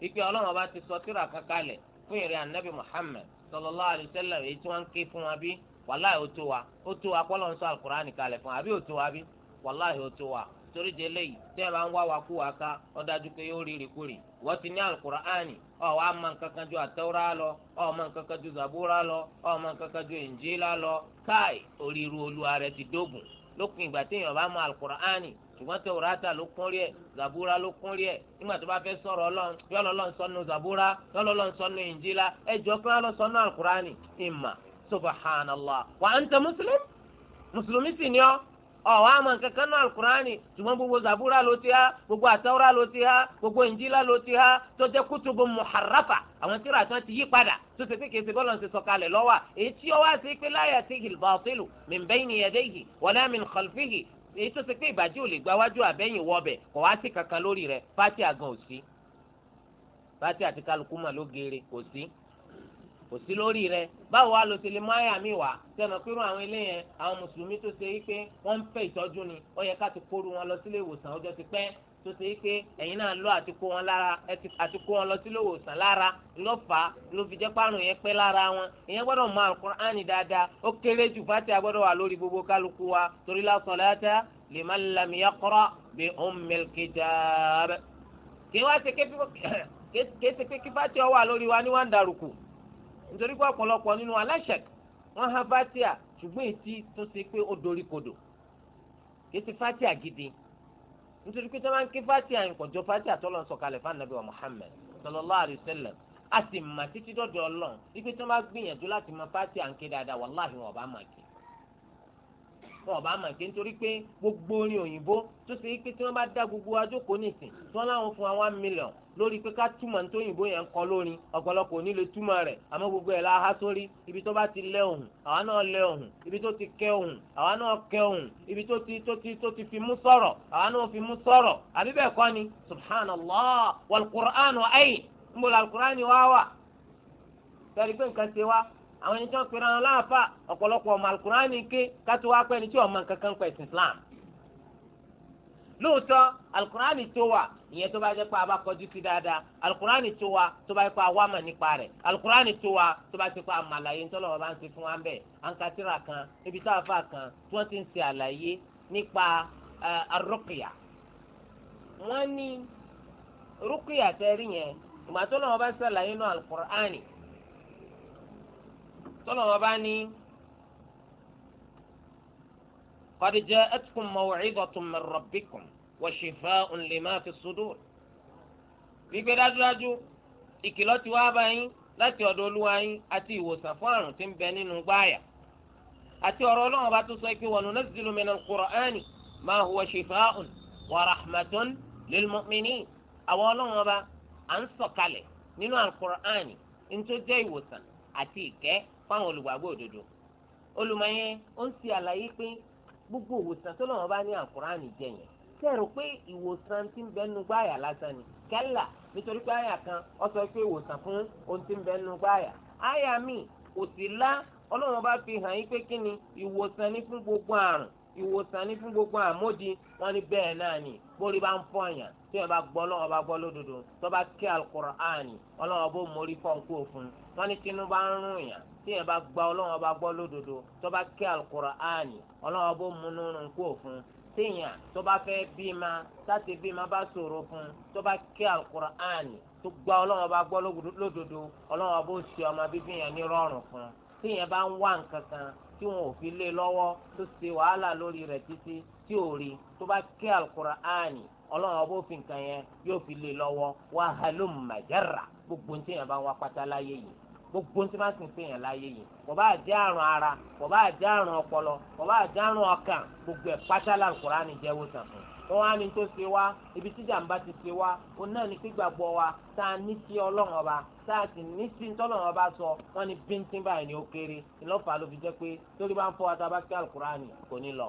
ikú ọlọ́run ọba ti sọ tírà kan kalẹ̀ fún ìrìn anabi muhammed sallallahu alayhi wa sallam èyí tí wọ́n ń ké fún wa bí wàláhì ó tó wa ó tó wa kọ́lọ́run sọ alukur'ani kalẹ̀ fún wa àbí ó tó wa bí wàláhì ó tó wa torí de léyìí tẹ́ ẹ bá ń wá wa kú wa ká ó dájú pé yóò rí rìkúrì wọ́n ti ní alukur'ani ọ̀ wá mọ nǹkan kan ju àtẹ́wúrà lọ ọ̀ mọ nǹkan kan ju zabúrà lọ ọ̀ mọ nǹkan kan ju ìnjílà lọ káì oríru olúwa rẹ ti dógùn lópin ìgbà téèyàn bá mọ alukur'ani ṣùgbọ́n tẹ́wúrátà ló kún rí ẹ̀ zabúrà ló kún rí ẹ̀ nígbà tó bá fẹ́ sọ̀rọ̀ ọlọ́run yọ̀ọ́ ọ̀wọ́ àmọ́ kankan náà alukurani ṣùgbọ́n gbogbo zabura ló ti há gbogbo atawura ló ti há gbogbo injila ló ti há tó jẹ́ kutubu muharrafa àwọn tíra tán ti yí padà tó ṣe pé kìí ṣe bọ́lá ń ṣe sọ̀kalẹ̀ lọ́wọ́ èyí tí ọwọ́ àti pé láyà ti hìl bàtílù min bayni yadayhi wala min khalfihi èyí tó ṣe pé ìbàjẹ́ ò lè gba wájú àbẹ́yìn wọbẹ̀ kò wá sí kankan lórí rẹ̀ fati àgàn ò fati àti kálukú mà ló geere kò kò sí lórí rẹ báwo wá ló ti lè máa yà mí wá sẹ́nu pírú àwọn eléyẹn àwọn mùsùlùmí tó ṣe wípé wọ́n ń fẹ́ ìtọ́jú ni ó yẹ ká ti kóru wọn lọ sílé ìwòsàn ọjọ́ ti pẹ́ tó ṣe wípé ẹ̀yin náà lọ àti kó wọn lára àti kó wọn lọ sílé ìwòsàn lára lọ́fà ló fi jẹ́ párùn yẹn pẹ́ lára wọn ìyẹn gbọ́dọ̀ mọ Al-Qur'ani dáadáa ó kéré jù fàtí agbọ́dọ̀ wà lórí gbogbo kálukú wa torí la salata liman lam yaqra bi ummil kitab kí wá ṣe ké [COUGHS] pé kí fàtí ọ wà wa ní wàá ń darúkú nítorí pé ọ̀pọ̀lọpọ̀ nínú aláṣẹ wọ́n há fatia ṣùgbọ́n ètí tó ṣe pé ó dorí kodò kì í ṣe fatia gidi nítorí pé sábà ń ké fatia ìkọ̀jọ́ fatia tó lọ sọ̀kalẹ̀ fún anabi wa Muhammad sallallahu alayhi wa sallam a sì mà títí dọ́dọ̀ ọlọ́run wípé tí wọ́n bá gbìyànjú láti mọ fatia ń ké dáadáa wàláhì wọn ò bá mà kí wọn ọba àmà ké nítorí pé gbogbo orin òyìnbó tó ṣe pé tí wọ́n bá dá gbogbo ajókòó nìsín tí wọ́n láwọn fún wa one million lórí pé ká túmọ̀ ní tóyìnbó yẹn ń kọ lórin ọ̀pọ̀lọpọ̀ onílé túmọ̀ rẹ̀ àmọ́ gbogbo ẹ̀ la há sórí ibi tó bá ti lẹ ohùn àwa náà lẹ ohùn ibi tó ti kẹ ohùn àwa náà kẹ ohùn ibi tó ti tó ti tó ti fi mú sọ̀rọ̀ àwa náà fi mú sọ̀rọ̀ àbí bẹ́ẹ̀ kọ́ ni subhanallah wàlùkùránù ayé ń bọ̀ làlùkùránù wá wà. sẹ́ni pé nǹkan ṣe àwọn ẹni tí wọ́n pèrè àwọn láàfà ọ̀pọ̀lọpọ̀ ọmọ alukurani ké kátó wá pẹ́ ni tí ọmọ kankan pẹ̀ sí islam lóòótọ́ alukurani tó wà ìyẹn tó bá jẹ́ pé a bá kọjú sí dáadáa alukurani tó wà tó bá jẹ́ pé a wá mà nípa rẹ̀ alukurani tó wà tó bá jẹ́ pé a mà àlàyé ńtọ́lọ́wọ́ bá ń ṣe fún wa ń bẹ̀ ànkátìrà kan ibi tá a fà kan tí wọ́n ti ń ṣe àlàyé nípa arúkìyà wọ́n ní rúkìyà tẹ́rí yẹn ìgbà tó lọ́wọ́ bá ṣàlàyé náà tọ́lọ́wọ́ bá ní. قد جاءتكم موعظة من ربكم وشفاء لما في الصدور gbígbé dájúdájú ìkìlọ̀ ti wá bá yín láti ọ̀dọ̀ olúwa yín àti ìwòsàn fún àrùn tí ń bẹ nínú gbáàyà àti ọ̀rọ̀ ọlọ́run bá tún sọ pé wa nunazzilu mina al-Qur'ani ma huwa shifa'un wa rahmatun lil mu'minin àwọn ọlọ́run ọba à ń sọ̀kalẹ̀ ní tó jẹ́ fáwọn olùgbàgbọ́ òdodo olùmọ̀yẹn ó ń ṣe àlàyé pé gbogbo ìwòsàn tó lọ́wọ́ bá ní àkùránì jẹ yẹn kẹ́rù pé ìwòsàn ti ń bẹnu gbáàyà lásán ni kẹ́là nítorí pé àyà kan ó sọ pé ìwòsàn fún ohun ti ń bẹnu gbáàyà àyà míì kò sí lá ọlọ́wọ́n bá fi hàn yín pé kí ni ìwòsàn ní fún gbogbo àrùn ìwòsàn ní fún gbogbo àmódi wọn ni bẹ́ẹ̀ náà ni bórí bá ń fọyàn tí wọn bá gbọ́ ọlọ́wọ́n bá gbọ́ lódodo tó bá kí alukur'ani ọlọ́wọ́n bó mórí fọ́nkú òfun wọn ni tinubu á ń rún yàn téèyàn bá gba ọlọ́run ọba gbọ́ lódodo tó bá ké alukur'ani ọlọ́run ọba múnú kú òfun téèyàn tó bá fẹ́ bímá sáti bímá bá ṣòro fún tó bá ké alukur'ani tó gba ọlọ́run ọba gbọ́ lódodo ọlọ́run ọba ó ṣe ọmọ bíbí yẹn ní rọrùn fún téèyàn bá ń wá nǹkan kan tí wọn ò fi lé lọ́wọ́ tó ṣe wàhálà lórí rẹ̀ títí tí ò rí tó bá ké alukur'ani ọlọ́run ọba ó fi nǹkan yẹn yóò fi lé lọ́wọ́ wàhálùmájára gbogbo ní téèyàn bá ń wá pátá láyé yìí gbogbo tí wọ́n sì ń pèèyàn láyé yìí kò bá jẹ́ àrùn ara kò bá jẹ́ àrùn ọpọlọ kò bá jẹ́ àrùn ọkàn gbogbo ẹ̀ pátálà Kùránì jẹ́wọ́ sàn fún wọn wá ní tó ṣe wá ibi tí jàǹbá ti ṣe wá òun náà ní pígbàgbọ́ wa tá a ní sí ọlọ́run ọba tá a sì ní sí tọ́lọ́run ọba sọ wọn ni bíntín báyìí ni ó kéré ìlọ́fà ló fi jẹ́ pé torí bá ń fọ́ tá a bá kí Al-Kùránì kò ní lọ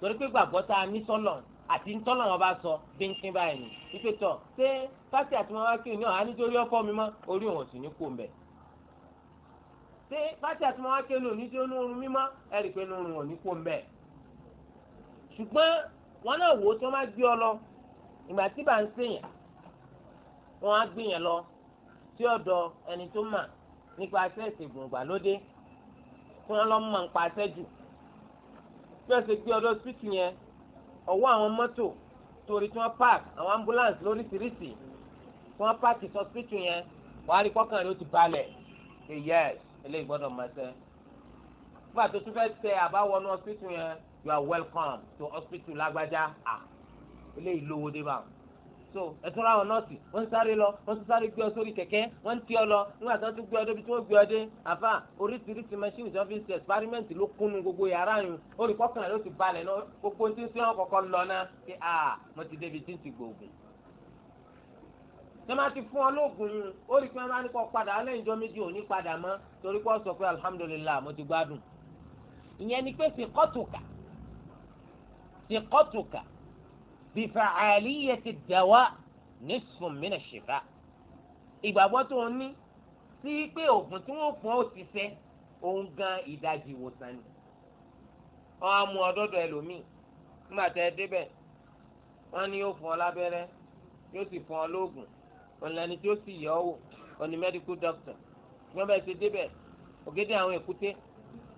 torí pígbàgbọ́ tá a ní sọ́lọ́run àti ntọ́lọ̀ wọn bá sọ bínkín báyìí ni ipe tọ̀ ṣé pásítì àti màmá kiri ní ọ̀hán nítorí ọkọ mi mọ́ orí òun sì ní kó mbẹ̀. ṣé pásítì àti màmá kiri ní oníṣẹ́ onírun mímọ́ ẹ̀rì pé onírun ò ní kó mbẹ̀. ṣùgbọ́n wọn náà wò ó tí wọ́n bá gbé ọ lọ ìgbà tí bá ń sèyàn wọn á gbé yẹn lọ sí ọ̀dọ̀ ẹni tó mà nípa sẹ́ẹ̀sì ìgbòǹgbàlódé tí wọ́n lọ́ mọ̀ nípa sẹ́jù bí wọ́n gbé ọdọ́ síkì yẹn ọwọ́ àwọn mọ́tò torí tí wọ́n park àwọn ambulance lóríṣiríṣi tí wọ́n park sọ́sítù yẹn wàá rí kọ́kàn rẹ̀ ó ti balẹ̀ ṣe yes eléyìí gbọ́dọ̀ máa ṣe. nígbà tó tún fẹ́ tẹ àbáwọnú hospital yẹn you are welcome to hospital lágbájá ah eléyìí lówó dé báwọn so ẹtún ra àwọn nọ́ọ̀sì wọ́n ń sáré lọ wọ́n ń sáré gbé ọ sórí kẹ̀kẹ́ wọ́n ń tì ọ lọ nígbà tí wọ́n tún gbé ọ débi tí wọ́n gbé ọ dé àfa oríṣiríṣi mẹṣíìnì tí wọ́n fi ń ṣe ẹsipárímẹǹtì ló kúnnu gbogbo yàrá yun olùkọkàn rẹ ó ti balẹ̀ náà gbogbo tí ń sẹ́wọ̀n kọ̀ọ̀kan lọ náà ṣe à mo ti débi tí ń ti gbòògùn. tẹ́lá ti fún ọ lóògùn yun ó rí pé wọ́n á ní kọ́ padà lẹ́yìn ọjọ́ méjì ò ní padà mọ́ torí pé ó sọ pé alhamdulillah mo ti gbádùn. ìyẹn بفعالية الدواء نصف من الشفاء ìgbàgbọ́ tó ń ní sí pé oògùn tí wọ́n fún ọ ti fẹ́ òun gan ìdajì ìwòsàn ni wọ́n á mú ọdọ́dọ̀ ẹlòmíì nígbà tẹ́ ẹ débẹ̀ wọ́n ní yóò fún ọ lábẹ́rẹ́ yóò sì fún ọ lóògùn ọ̀nlẹ́ni tí ó sì yẹ ọ wò ọ̀ní medical doctor wọ́n bẹ̀ ṣe débẹ̀ ògédé àwọn èkúté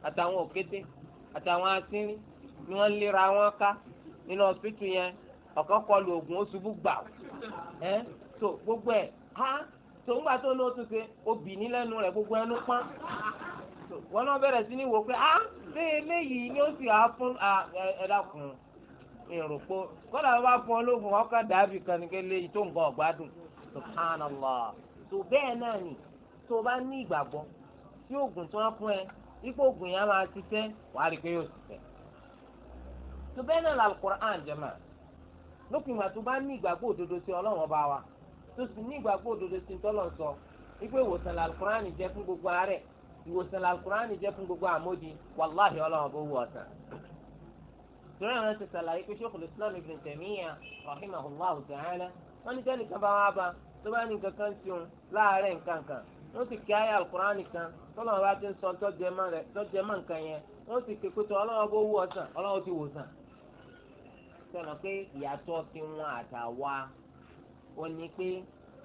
àtàwọn òkété àtàwọn asínrín ni wọ́n ń wọn ká nínú ọ̀sìtù yẹn ọ̀kan kọlu oògùn ó ṣubú gbà ẹ́ tó gbogbo ẹ̀ ha tó ń gbà tó ní o tún ṣe lẹ́nu rẹ̀ gbogbo ẹnu pọ́n wọn náà bẹ̀rẹ̀ sí ní wò pé ah ṣé eléyìí ni ó sì á fún ẹ̀dá kùn èrò pé kọ́dà bá fún ọ lóògùn ọkọ̀ dàbí kan léyìí tó nǹkan ọ̀gbádùn subhanallah tó bẹ́ẹ̀ náà nì tó bá ní ìgbàgbọ́ tí oògùn fún ẹ ipò oògùn lópin ìgbà tó bá ní ìgbàgbọ́ òdodo sí ọlọ́run ọba wa tó sì ní ìgbàgbọ́ òdodo sí tọ́lọ̀ sọ wípé ìwòsàn làlùkùránì jẹ́ fún gbogbo àárẹ̀ ìwòsàn làlùkùránì jẹ́ fún gbogbo àmódi wàláhì ọlọ́run ọba owó ọ̀sán. torí àwọn ti sàlàyé pé Sheikhul Islam Ibn Taymiyyah rahimahullah ta'ala wọ́n ní tẹ́lẹ̀ kan bá wá bá tó bá ní nǹkan kan tiun láàárẹ̀ nǹkan kan wọ́n sì kí ayé alukurani kan tọ́lọ̀ bá ti ń sọ tọ́jẹ́mọ́ nǹkan yẹn wọ́n sì kékeré ọlọ́run ọba owó ọ̀sán ọlọ́run ti wòsàn sọ̀nà pé ìyàtọ̀ ti wọn àtàwa ó ní pé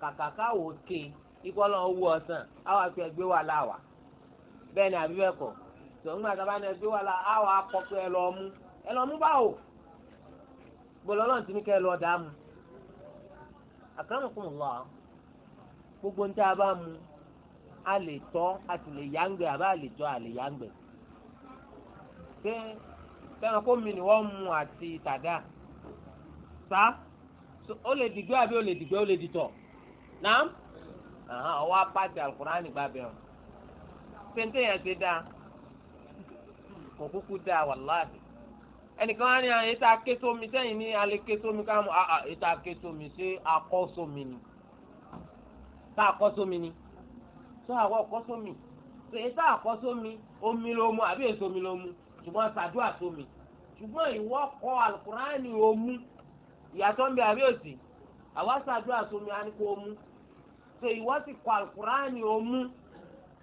kàkàkà wò ké ikú ọlọ́run wú ọ̀sán àwọn àti ẹgbẹ́ wà láwà bẹ́ẹ̀ ni àbí bẹ́ẹ̀ kọ́ tòun àti abáni ẹgbẹ́ wà láwà àwọn akọ́kọ́ ẹ lọ mú ẹ lọ mú báwo gbọ́dọ̀ ọlọ́run ti ní kẹ́ ẹ lọ dààmú àkàrùnkùn lọ gbogbo ń tá a bá mu a lè tọ́ a sì lè yáǹgbẹ́ àbá a lè tọ́ a lè yáǹgbẹ́ pé sẹ́wọ̀n kó mi ni wọ́n mu àti tàdá sá ó lè dìgbẹ́ àbí o lè dìgbẹ́ ó lè dìtọ̀ náà ọwọ́ apáti alukurani gbàgbẹ́ ọ̀ péńté yẹn ti dáa kò kúkú dáa wàláhì ẹnìkan á ní àwọn ah, ètò akésomi sẹ́yìn ní alẹ́ késomi ká mọ̀ àà ah, ah, ètò akésomi ṣé akọ́somi ni tá akọ́somi ni tó àwọ̀ kọ́somi tó ètò akọ́somi omi ló mu àbí èsomi ló mu ṣùgbọ́n sàdúà sómi ṣùgbọ́n ìwọ kọ́ o omi. ìyàtọ̀ ń bẹ àbí òsì àwa ṣàdúrà sómi sì kọ àlùkùránì o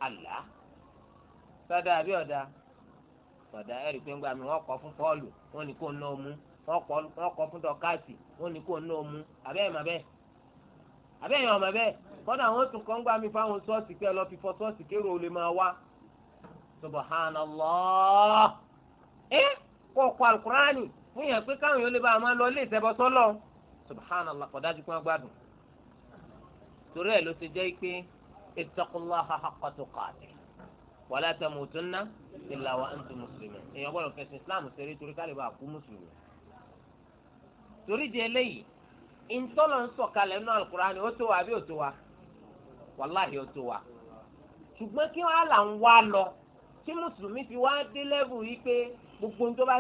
àlá sọdá àbí ọ̀dà sọdá pé ń gbà mí wọ́n kọ́ fún pọ́ọ̀lù wọ́n omu kó o ná o mú wọ́n fún dọ́kásì wọ́n ní kó o ná o mú àbẹ́ẹ̀ bẹ́ẹ̀ àbẹ́ẹ̀ yàn mà bẹ́ẹ̀ kọ́dà tún kọ́ ń gbà mí fáwọn sọ́ọ̀sì pé sọ́ọ̀sì fún yàn pé káwọn yóò lè bá a máa lọ ilé ìṣẹbọ sọlọ subhanallah kò dájú pé wọn torí ẹ̀ ló ti jẹ́ pé ittaqullaha wa antum muslimun èèyàn gbọ́dọ̀ fẹsẹ̀ islam ṣeré torí ká lè bá a kú mùsùlùmí torí di eléyìí ìtọ́lọ̀ ń sọ̀kalẹ̀ nínú alukurani ó tó wa àbí ó wa wàláhì ó tó wa ṣùgbọ́n kí wọ́n lọ kí mùsùlùmí fi wá gbogbo tó bá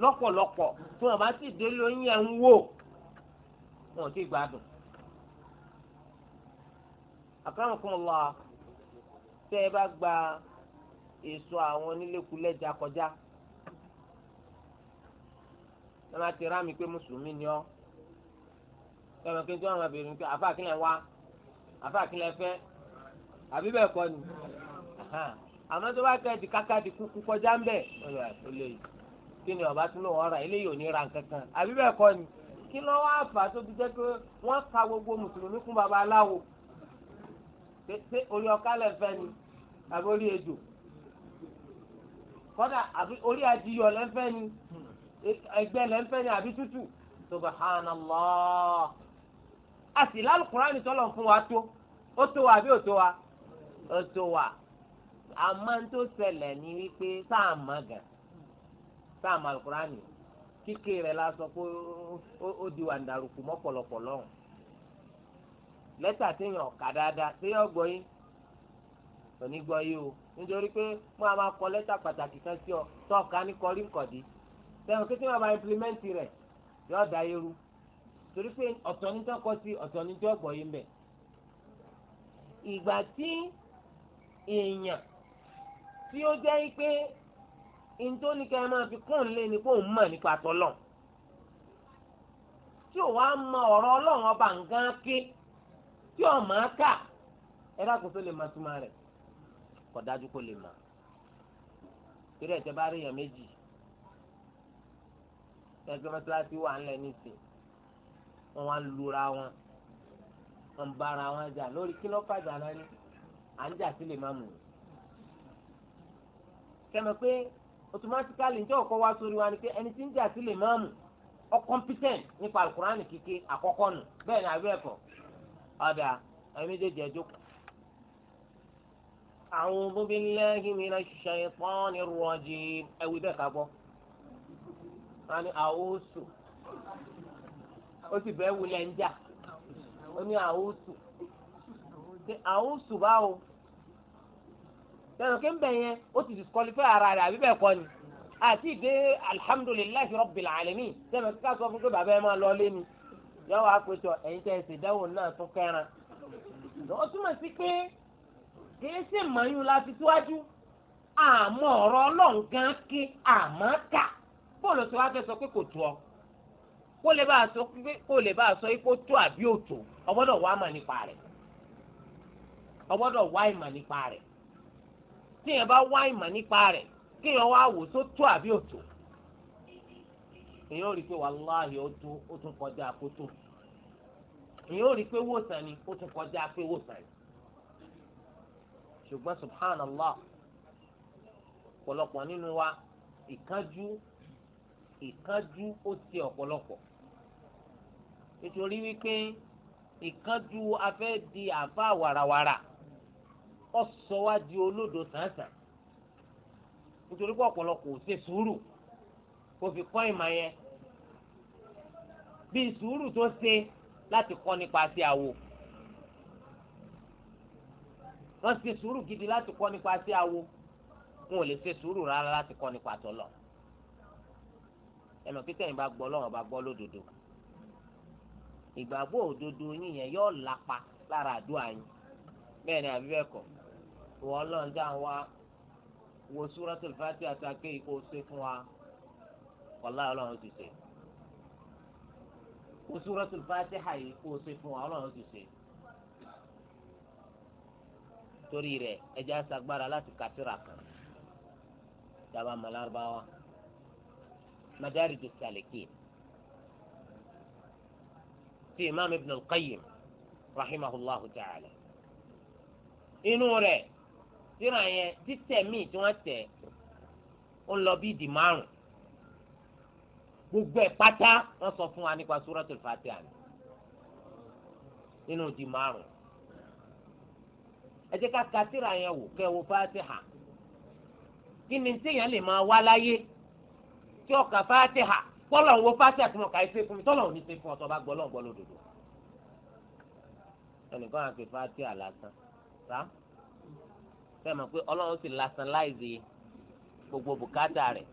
lọ́pọ̀lọpọ̀ tí wọ́n bá sì délé oyin ẹ̀ ń wò wọn ò tí ì gbádùn. akramakumullah tẹ́ ẹ bá gba èso àwọn onílékulẹ́jà kọjá ẹ máa ti rámi pé mùsùlùmí ni ọ́ ẹmọ kí n tí wọn máa bèrè nípa àfa àkínlẹ̀ wa àfa àkínlẹ̀ fẹ́ àbí bẹ́ẹ̀ kọ́ ni àmọ́ tó bá kẹ́ ẹ̀ di káká kúkú kọjá ń bẹ̀ ó lè yìí kí ni ọba tún lò wọn ra eléyìí ò ní ra nǹkan kan àbí bẹ́ẹ̀ kọ́ ni kí ló wá fà tó fi jẹ́ pé wọ́n ka gbogbo mùsùlùmí fún baba aláwo pé orí ọ̀kálẹ̀ fẹ́ ni àbí orí ejò kọ́dà àbí orí adìyọ lẹ́fẹ́ ni ẹgbẹ́ lẹ́fẹ́ ni àbí tútù subhanallah a sì tọ́lọ̀ fún wa tó ó tó wa àbí ó tó wa ó tó wa àmọ́ tó ṣẹlẹ̀ ni wípé sáà mọ̀ gan sáàmù alukurani kíkè rẹ̀ la sọ pé ó di wàǹdàrúkú mọ́ pọ̀lọpọ̀ lọ́hùn lẹ́tà téèyàn kà dáadáa téèyàn gbọ́ yín òní gbọ́ yín o nítorí pé mo àmà kọ lẹ́tà pàtàkì kan sí ọ tó ọ̀ka ní kọrí nkọ̀dí sẹ́wọ̀n kí téèyàn bá implimẹ́ǹtì rẹ̀ yóò da irú torí pé ọ̀tọ̀ ní tó kọ sí ọ̀tọ̀ ní tó gbọ́ yín bẹ̀. ìgbà tí èèyàn tí ó jẹ́ pé ìntòní kẹ́ ẹ máa fi kún lé ni kó ń mọ̀ nípa tọ́lọ̀ tí ò wá mọ ọ̀rọ̀ ọlọ́run ọba nǹkan ké tí ò máa kà ẹ dákun tó lè máa túmọ̀ rẹ̀ kò dájú kó lè mọ̀ torí ẹ̀jẹ̀ bá rí èèyàn méjì ẹgbẹ́ mọ́tíláṣí wà ńlẹ̀ nísìn wọ́n wá ń lura wọn wọ́n ń bára wọn jà lórí kí ló fàjà ni à ń jà sí lè má mú un kẹ́mi pé automatically njẹ́ ọ̀kọ́ wá sórí wa ni pé ẹni tí ń jà sí lè máa mú ọ competent nípa alukurani kíké àkọ́kọ́ nù bẹ́ẹ̀ ni àbí ẹ̀kọ́ ọ̀dà ẹ̀mí jẹjẹ ẹ̀jókòó. أعوذ بالله من الشيطان الرجيم أو ده كابو أنا أعوذ ó sì bẹ́ẹ̀ wulẹ̀ ń jà ó ní àwòsù àwòsù báwo sẹ́yìn kí n bẹ̀ yẹn ó ti disqualify ara rẹ̀ àbí bẹ́ẹ̀ kọ́ ni àti ìdè alhamdulilayi rabbil alamin sẹ́yìn kí ká sọ fún pé bàbá ẹ máa lọ lé ni yọ̀wọ́ àpèjọ ẹ̀yin tẹ́ ẹ ṣe ìdánwò náà tún kẹ́ran ó túmọ̀ sí pé kìí ṣe mọ̀nyún la fi síwájú àmọ́ ọ̀rọ̀ ọlọ́run gan ké àmọ́ kà bóòlù tí wàá fẹ́ sọ pé kò tó ọ kó lè bá a sọ pé kó lè bá a sọ ipò tó àbí òtò ọgbọ́dọ̀ wá mà nípa rẹ̀ ọgbọ́dọ̀ wá ìmà nípa rẹ̀ tíyẹn bá wá ìmọ̀ nípa rẹ̀ kíyẹn wá wò tó tó àbí òtò èyàn ò rí pé wàláhì ó tún kọjá àkótó èyàn ò rí pé wòsàn ni ó tún kọjá pé wòsàn ni ṣùgbọ́n subhanallah ọ̀pọ̀lọpọ̀ nínú wa ìkánjú ìkánjú ó ti ọ̀pọ̀lọpọ̀ nítorí wípé ìkánjú afẹ́ di àfa wàràwàrà. Wara ọsọ wa di olódo sàǹsàn nítorí pé ọ̀pọ̀lọpọ̀ ò ṣe sùúrù kó fi kọ́ ìmọ̀ yẹn bí sùúrù tó ṣe láti kọ́ nípa sí àwo wọ́n ṣe sùúrù gidi láti kọ́ nípa sí àwo wọn ò lè ṣe sùúrù rárá láti kọ́ nípa tọ́lọ̀ ẹnu pété yìí bá gbọ́ lọ́wọ́ bá gbọ́ lódodo ìgbàgbọ́ òdodo yín yẹn yóò lápa lára àdúrà yín bẹ́ẹ̀ ni àbí bẹ́ẹ̀ kọ́ ìwọ ọlọ́run dá wa wo Suratul Fatiha àti akéyìí kó o ṣe fún wa wàlá ọlọ́run ti ṣe wo Suratul Fatiha yìí kó o ṣe fún wa ọlọ́run ti ṣe torí rẹ̀ ẹja ṣàgbára láti kàtírà kan dábàá malárúbáwá Madarij as-Salikin ti Imam Ibn al-Qayyim rahimahullahu ta'ala inú rẹ̀ tíra yẹn títẹ̀ míì tí wọ́n tẹ̀ ó lọ bí ìdì márùn gbogbo ẹ̀ pátá wọ́n sọ fún wa nípa Suratul Fatiha ni nínú ìdì márùn ẹ jẹ́ ká ka tíra yẹn wò kẹ́ wo Fatiha kí ni téèyàn lè máa wá láyé tí ọkà Fatiha kọ́lọ̀ ń wo Fatiha tí mo kà í ṣe fún mi tọ́lọ̀ ò ní ṣe fún ọ tó bá gbọ́ lọ́ngbọ́ lódodo ẹnìkan àti Fatiha lásán sáà fẹ́ẹ́ mọ̀ pé ọlọ́run sì lásán láìsí gbogbo bùkátà rẹ̀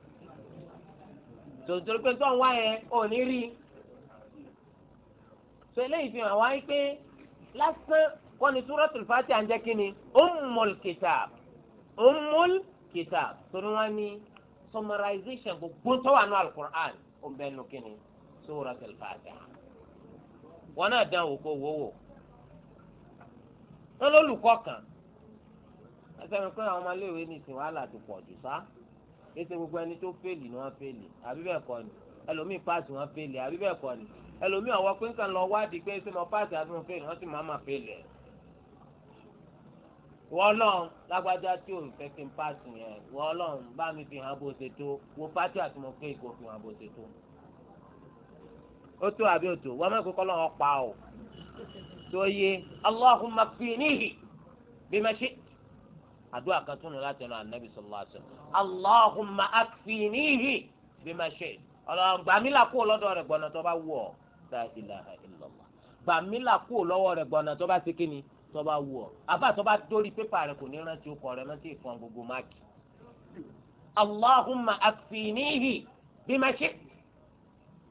tòǹtòrí pé tó ń wá yẹn ò ní rí i so eléyìí fi hàn wá pé lásán kọ́ni Suratul Fatiha ń jẹ́ kí ni Ummul Kitab Ummul Kitab torí wọ́n ní summarization gbogbo tó wà ní Al-Qur'an ó ń bẹ́ẹ̀ nù kí ni Suratul Fatiha wọn náà dán wò kó wò wò wọn lólùkọ́ kan ẹsẹ̀mi pé àwọn ọmọléèwé ní ìsìn wàhálà ti pọ̀ jù sá èsì gbogbo ẹni tó fèlì ni wọ́n fèlì àbí bẹ́ẹ̀ kọ́ ni ẹlòmíì páàsì wọ́n fèlì àbí bẹ́ẹ̀ kọ́ ni ẹlòmíì ọ̀wọ́ pé nǹkan lọ wádìí pé ṣé mo páàsì àbí mo fèlì wọ́n sì máa máa fèlì ẹ̀. wọ́ọ́lọ́n lágbájá tí òun fẹ́ kí n páàsì yẹn wọ́ọ́lọ́n bá mi fi hàn bó ṣe tó wo pátí àti mo pé ìkó fi hàn bó ṣe tó. ó tó àbí ó tó wọ́n mẹ́kọ̀ọ́ kọ́ àdúrà kan tún nù láti ẹnu ànábì sallallahu alaihi wasallam allahumma akfinihi bima shi'ta ọlọ́run gbàmílà kúrò lọ́dọ̀ rẹ̀ gbọ́nà tó bá wù ọ́ la ilaha illallah gbàmílà kúrò lọ́wọ́ rẹ̀ gbọ́nà tó bá ṣe kí ni tó bá wù ọ́ àbá tó bá dórí pépà rẹ̀ kò ní rántí okọ rẹ̀ rántí ìfọ̀n gbogbo máàkì. allahumma akfinihi bima shi'ta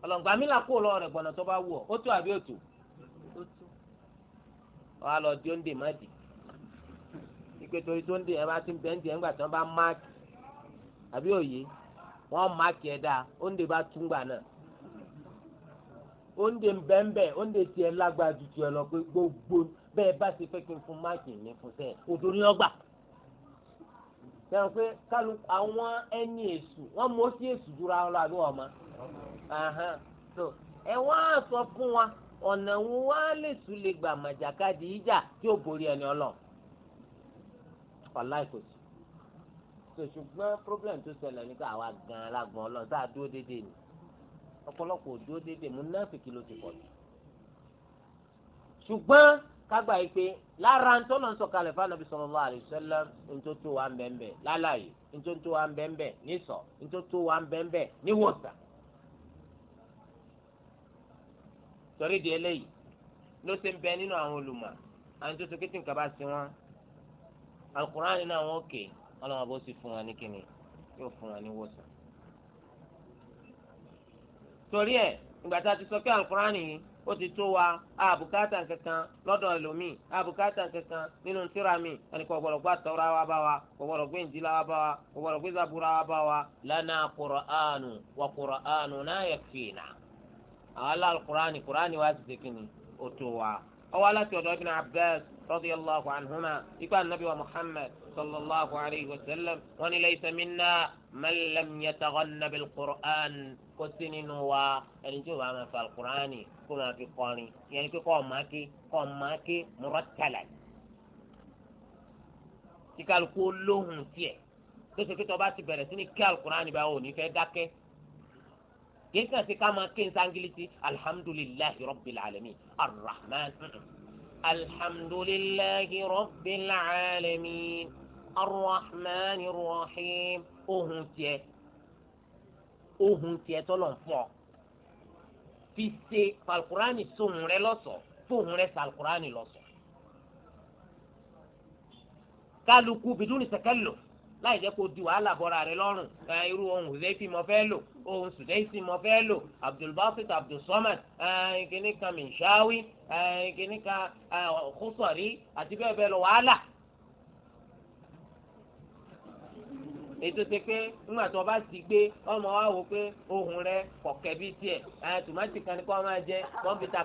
ọlọ́run gbàmílà kúrò lọ́wọ́ rẹ̀ gbọ́nà tó bá wù ọ́ ó tó àbí ó tó ó tó ọ pé torí tó ń dè yẹn bá ti ń bẹ́ ń dè yẹn nígbà tí wọ́n bá máàkì àbí òye wọ́n máàkì ẹ̀ dáa ó ń dè bá tún gbà náà ó ń dè bẹ́ńbẹ́ ó ń dè tiẹ̀ lágbára ju tiẹ̀ lọ pé gbogbo bẹ́ẹ̀ bá ti fẹ́ kí n fún máàkì ní fún sẹ́ẹ̀ odò ní ọgbà sẹ́wọ̀n pé kálu àwọn ẹni èṣù wọ́n mú sí èṣù dúró àwọn ọlọ́ àbí wọ́n mọ́ ẹ wọ́n sọ fún wa ọ̀nà wo lè sùn lè gbà màjàkadì ìjà tí ó borí ẹni ọlọ́run wàláì kò sí so ṣùgbọ́n problem tó ṣẹlẹ̀ ní ká àwa gan-an lágbọ́n ọlọ́run a dúró déédéé ni ọ̀pọ̀lọpọ̀ dúró déédéé mú náfìkì ló ti pọ̀ jù ṣùgbọ́n kágbà yìí pé lára ń tọ́nà sọ̀kalẹ̀ fanabi sallallahu alaihi wasallam ntótó wa ń bẹ́ẹ̀ lálàyé ntótó wa ń bẹ́ẹ̀ nísọ̀ ntótó wa ń bẹ́ẹ̀ níwòsàn. torí di eléyìí ló ṣe ń bẹ nínú àwọn olùmọ̀ àwọn tó so kété nǹkan bá sí wọn alukur'ani náà wọn kè ọlọ́wọ́n bó sì fún wa ní kíni yóò fún wa ní wòsàn. torí ẹ̀ ìgbà tá a ti sọ pé alukur'ani yìí ó ti tó wa àbùkátà kankan lọ́dọ̀ ẹlòmíì àbùkátà kankan nínú tíra ẹni kò gbọdọ̀ gbà tọ́ra wa bá wa kò gbọdọ̀ gbé ìdílá wa bá wa kò gbọdọ̀ gbé zabura wa bá wa lana kur'anu wa kur'anu na yẹ fìnnà àwọn alukur'ani kur'ani wa ti ṣe kíni ó tó wa. ọwọ́ láti ọ̀dọ̀ ibn rọ́dí radiyallahu anhuma ikú anabi wa Muhammad sallallahu alayhi wa sallam wọn ni laysa ná man lam yataghanna bil qur'an kó sí nínú wa ẹni tí ó bá máa fa alukur'ani kó máa fi kọrin yẹn ni kọ́ ọ̀ma ké kọ́ ọ̀ma ké murattalan kíkálukú lóhùn tiẹ̀ tó sọ pé tó bá ti bẹ̀rẹ̀ sí ni kí alukur'ani bá wò ní fẹ́ dákẹ́ kì í kàn sí ká máa ké nsangilisi alhamdulilahi rabbil alamin arrahman alhamdulilahi rabbil alamin arrahman rahim ohun tiẹ̀ ohun tiẹ̀ tọ́lọ̀ ń fọ́ fi ṣe falkurani sóhun rẹ lọ́sọ̀ọ́ fóhun rẹ falkurani lọ́sọ̀ọ́ kálukú bidúni sẹkẹlò láì jẹ́ kó di wàhálà bọ́ra rẹ lọ́rùn irú ohun ìrẹ́fì mọ fẹ́ lò ohun sùdẹ́sì mọ fẹ́ lò abdulbasit abdulsamad kìnnìkan mìṣáwí kìnnìkan kúsọ̀rí àti bẹ́ẹ̀ bẹ́ẹ̀ lọ wàhálà ètò ṣe pé nígbà tó o bá sì gbé ọmọ wa wò pé ohun rẹ kọ̀kẹ́ bí tiẹ̀ ẹ̀ tòmátì kan ní kó máa jẹ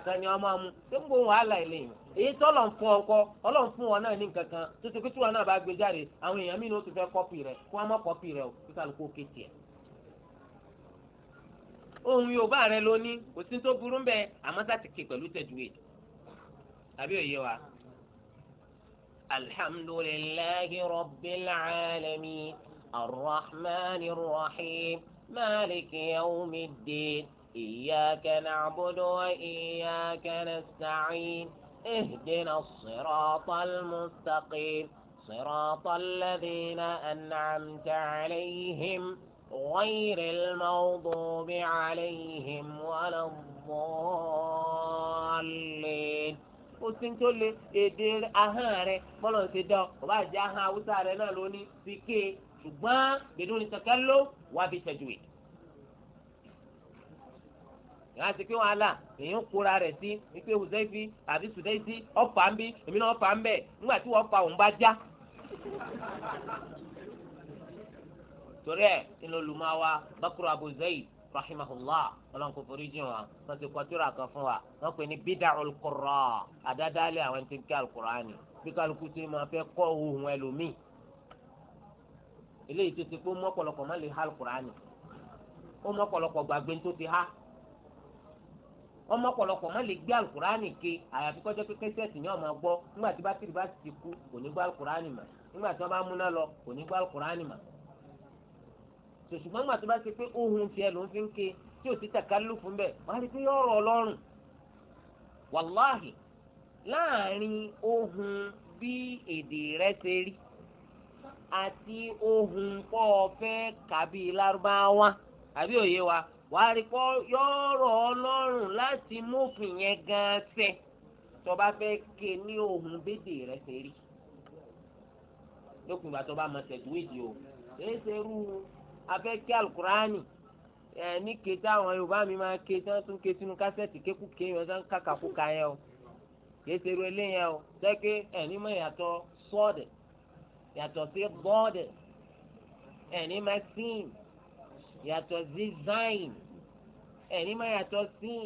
kan ní ọmọ tó ń ilé yìí èyí tó ọ náà ní kan tó pé tí wọn náà bá gbé jáde àwọn èèyàn mí ni ó ti rẹ kó wọn mọ́ kọ́pì rẹ o kí kálukú ké tiẹ̀ ohun yorùbá rẹ lónìí kò sí tó burú bẹ àmọ́ ké pẹ̀lú wa. الرحمن الرحيم مالك يوم الدين إياك نعبد وإياك نستعين اهدنا الصراط المستقيم صراط الذين أنعمت عليهم غير المغضوب عليهم ولا الضالين ó ti ń tó lé èdè ahọ́n rẹ̀ bọ́lọ̀ ti dán kò ahọ́n rẹ̀ náà lóní ti ké ṣùgbọ́n biduni takalluf wà bí tajwid. ìyá ti pé wàhálà èèyàn kóra rẹ̀ sí wípé hùzẹ́fì àbí sùdẹ́sì ọ̀pá ń bí èmi náà ọ̀pá ń bẹ̀ nígbà tí wọ́n pa òun bá já. torí ẹ̀ nínú olùmọ̀wá bakuru abu zayd rahimahullah ọlọ́nkò foríjì wọn wọ́n ti kọ́túrà kan fún wa wọ́n pè ní bídà olùkọ́rọ̀ àdádálẹ̀ àwọn tí ń kí alukùránì bí kálukú ti máa fẹ́ kọ́ ohun ẹlòmíì eléyìí tó ti pé ó mú ọ̀pọ̀lọpọ̀ má lè ha alukurani ó mú ọ̀pọ̀lọpọ̀ gbàgbé tó ti ha ọmọ ọ̀pọ̀lọpọ̀ má lè gbé alukurani ke àyàfi kọjá pé kẹsẹ̀tì ni ọmọ gbọ́ nígbà tí bátìrì bá ti kú kò ní gbá alukurani mà nígbà tí wọ́n bá múná lọ kò ní gbá alukurani mà tòṣùgbọ́n nígbà tó bá ti pé ohun tiẹ̀ ló ń fi ń ke tí ò ti tàkálù fún bẹ́ẹ̀ wọ́n rí pé ọ̀rọ̀ ọlọ́run wàláhì láàrin ohun bí èdè rẹ ṣe rí àti ohun pọ̀ fẹ́ kàbí lárúbáwá àbí òye wa wàá rí pọ́ yọ̀ọ̀rọ̀ ọlọ́run láti mófin yẹn gan fẹ́ tó bá fẹ́ ké ní ohun bédè rẹ̀ ṣe rí lókùn ìgbà tó bá mọ tẹ̀síwìdì o èyí ṣe rú afẹ́ kí alukurani ẹ ní kété àwọn yorùbá mi máa ké tí wọ́n tún ké sínú kásẹ̀tì kékùké yẹn tán kàkàkùkà yẹn o èyí rú eléyẹn o jẹ́ ẹ̀ ní mọ̀ ìyàtọ̀ sọ́ọ̀dẹ̀ yàtọ̀ sí board ẹni máa sin yàtọ̀ sí zain ẹni máa yàtọ̀ sin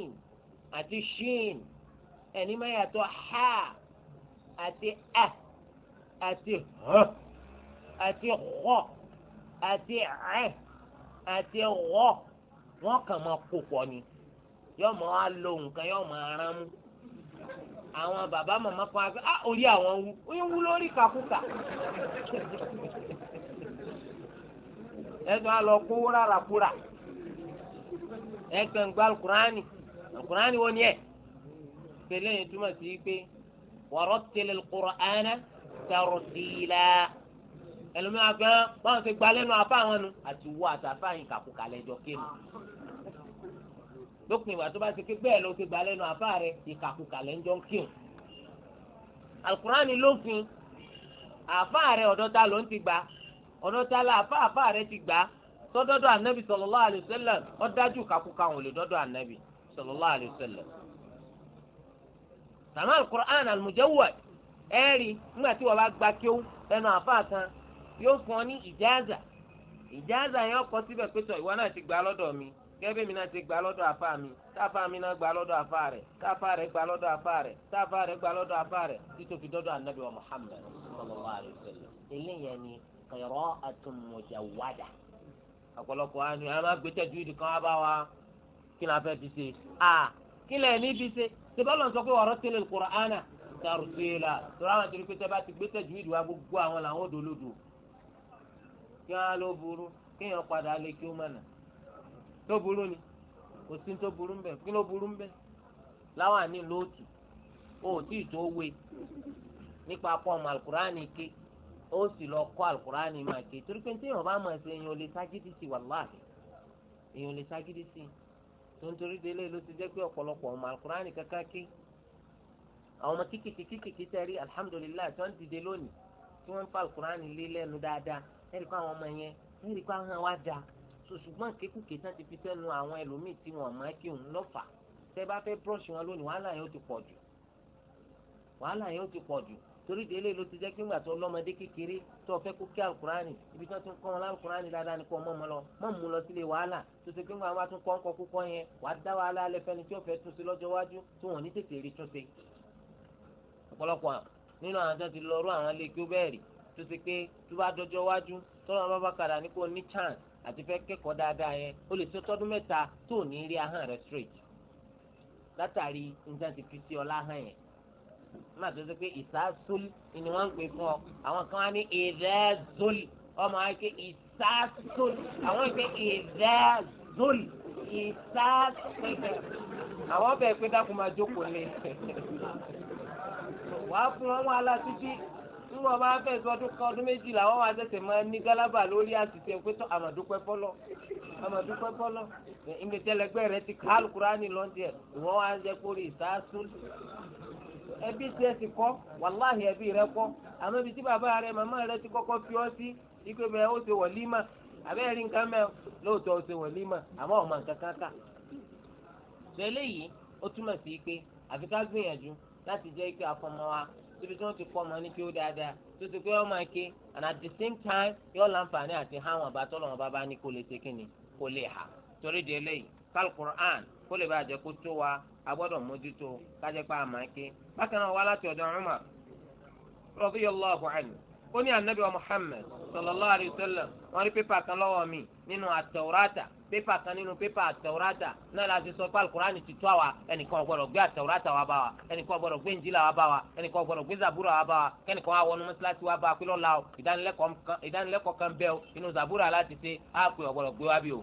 àti shin ẹni máa yàtọ̀ ha àti a àti h àti họ àti ẹ àti họ wọn kàn máa kó pọ̀ ni yọọ máa lo nǹkan yọọ máa rán mú àwọn bàbá màmá kan á ah orí àwọn wú ó ń wú lórí kàkúkà ẹ̀sùn àlọ́ kó rárakúra ẹ̀sùn gba alukurani alukurani wọ́n yẹ pẹ̀lú ẹ̀yẹ túmọ̀ sí pé wàrọ̀ tẹ̀lẹ̀ alukurani tẹ̀rọ̀ tìlà ẹlòmíràn gan báwọn ti gbalẹ́nu afáwọn nu àti wọ àtàfáyín kàkúkà lẹ́jọ́ kéwòn lópin ìwà tó bá ṣe pé bẹ́ẹ̀ ló ti gbà lẹ́nu àfa rẹ ìkàkùkà lẹ́njọ́ ń kírun alukurani lófin àfa rẹ ọ̀dọ́ ta ló ń ti gbà ọ̀dọ́ ta la àfa àfa rẹ ti gbà sọdọ́dọ̀ anabi sallallahu alaihi wasallam ọ̀dájú ìkàkùkà wọn lè dọ́dọ̀ anabi sallallahu alaihi wasallam sàmà alukur'an almujawwad ẹ̀rí nígbà tí wọ́n bá gba kí ó àfa kan yóò fún ọ ní ìjáàzà ìjáàzà yẹn ọkọ̀ síbẹ̀ pé tọ̀ gẹ́gẹ́ mi náà ti gbà lọ́dọ̀ àfa mi táfa mi náà gbà lọ́dọ̀ àfa rẹ̀ táfa rẹ̀ gbà lọ́dọ̀ àfa rẹ̀ táfa rẹ̀ gbà lọ́dọ̀ àfa rẹ̀ títí fi dọ́dọ̀ anabi wa muhammed sallallahu alayhi wa sallam eléyà ni qira'atun mujawwada ọ̀pọ̀lọpọ̀ àni a máa gbé tẹ́jú ìdí kan bá wa kí ni a fẹ́ fi ṣe a kí lẹ̀ ní fi ṣe ṣe sọ pé ọ̀rọ̀ tẹ́lẹ̀ kùránà tàrùsílà ló burú ni kò sí tó burú ń bẹ kí ló burú ń bẹ láwọn àní lóòtù o ò tíì tó we nípa kọ́ ọmọ alukurani ké ó sì lọ kọ́ alukurani máa ké torí pé téèyàn bá máa ṣe èèyàn ò lè ságídí sí wàláhì èèyàn ò lè ságídí sí tó ń torí délé ló ti jẹ́ pé ọ̀pọ̀lọpọ̀ ọmọ alukurani kankan ké àwọn ọmọ kíkìkì kíkìkì tẹ́rí alihamudulilayi tí wọ́n ń dìde lónìí tí wọ́n ń fa alukurani lé lẹ́nu dáadáa ẹ̀rí kó àwọn ọmọ yẹn ẹ̀rí kó àwọn wa dáa ṣùgbọ́n kékùké tán ti fi sẹ́nu àwọn ẹlòmíì tí wọ́n máa kí òun lọ́fà tẹ́ bá fẹ́ búrọ̀ṣì wọn lónìí wàhálà yẹn ó ti pọ̀ jù wàhálà yẹn ó ti pọ̀ jù torí délé ló ti jẹ́ pé ńgbà tó lọ́mọdé kékeré tó fẹ́ kó kí alukurani ibi tí wọ́n ti ń kọ́ wọn lálukurani dáadáa ni kò mọ́ mu lọ mọ́ mu lọ sílé wàhálà tó ṣe pé ńgbà wọn tún kọ́ ńkọ́ kúkọ́ yẹn wàá dá wàhálà alẹ́ fẹ́ni tí ó fẹ́ tún ṣe lọ́jọ́ iwájú tó wọ́n ní tètè rí tún ṣe. ọ̀pọ̀lọpọ̀ nínú àwọn tó ti lọ àwọn ilé kí ó bẹ́ẹ̀ rí tó ṣe pé tó bá dọjọ́ iwájú tọ́lọ́ àti fẹ́ kẹ́kọ̀ọ́ dáadáa yẹn o lè tó tọ́dún mẹ́ta tó ní rí ahọ́n rẹ straight látàrí nǹkan ti fi sí ọ láhàn yẹn nígbà tó ṣe pé ìsásúl ni wọ́n ń pè fún ọ àwọn kan wá ní ìrẹ́zúl ọmọ wa ké ìsásúl àwọn ń pè ìrẹ́zúl ìsásúl àwọn bẹ̀rẹ̀ pé dákun máa jókòó lé wàá fún wọn wọn aláṣíṣí nígbà wọn bá fẹ́ sọ ọdún kan ọdún méjì làwọn wà tẹ̀sẹ̀ máa ní galaba lórí a pé tó àmàdúpẹ́ fọlọ́ àmàdúpẹ́ fọlọ́ ìmìtẹ́lẹgbẹ́ rẹ ti ká alukurani lọ díẹ̀ ìwọ́n wá ń kórè ẹbí ti kọ wàláhì ẹbí rẹ kọ ibi tí bàbá rẹ màmá rẹ ti kọ́kọ́ fi sí ikú ó nǹkan ó nǹkan yìí ó túmọ̀ sí pé gbìyànjú láti síbi tí wọ́n ti kọ́ ọmọ ní kí ó dáadáa tó ti pé ọmọ ike and at the same time yóò láǹfààní àti háwọn àbá tọ́lọ̀ wọn bá bá ní kó lè ṣe kíni kó lè hà torí di eléyìí kálukùrán kó lè bá jẹ kó tó wa a gbọ́dọ̀ mójútó kájẹ́ pé àmọ́ ike bákan náà wá láti ọ̀dọ̀ Umar radiyallahu anhu ó ní anabi wa muhammed sallallahu alayhi wa sallam wọ́n rí pépà kan lọ́wọ́ mi nínú àtẹwúrátà pépà kan nínú pépà àtẹwúrátà náà láti sọ pé alukurani ti tó àwa ẹnìkan ọgbọ́dọ̀ gbé àtẹwúrátà wa bá wa ẹnìkan ọgbọ́dọ̀ gbé njìlá wa bá wa ẹnìkan ọgbọ́dọ̀ gbé zabura wa bá wa kẹnìkan wa wọnú mọ́sálásí wa bá wa pínlọ la o ìdánilẹ́kọ̀ọ́ kan bẹ o inú zabura láti ṣe á pé ọgbọ́dọ̀ gbé wa bí o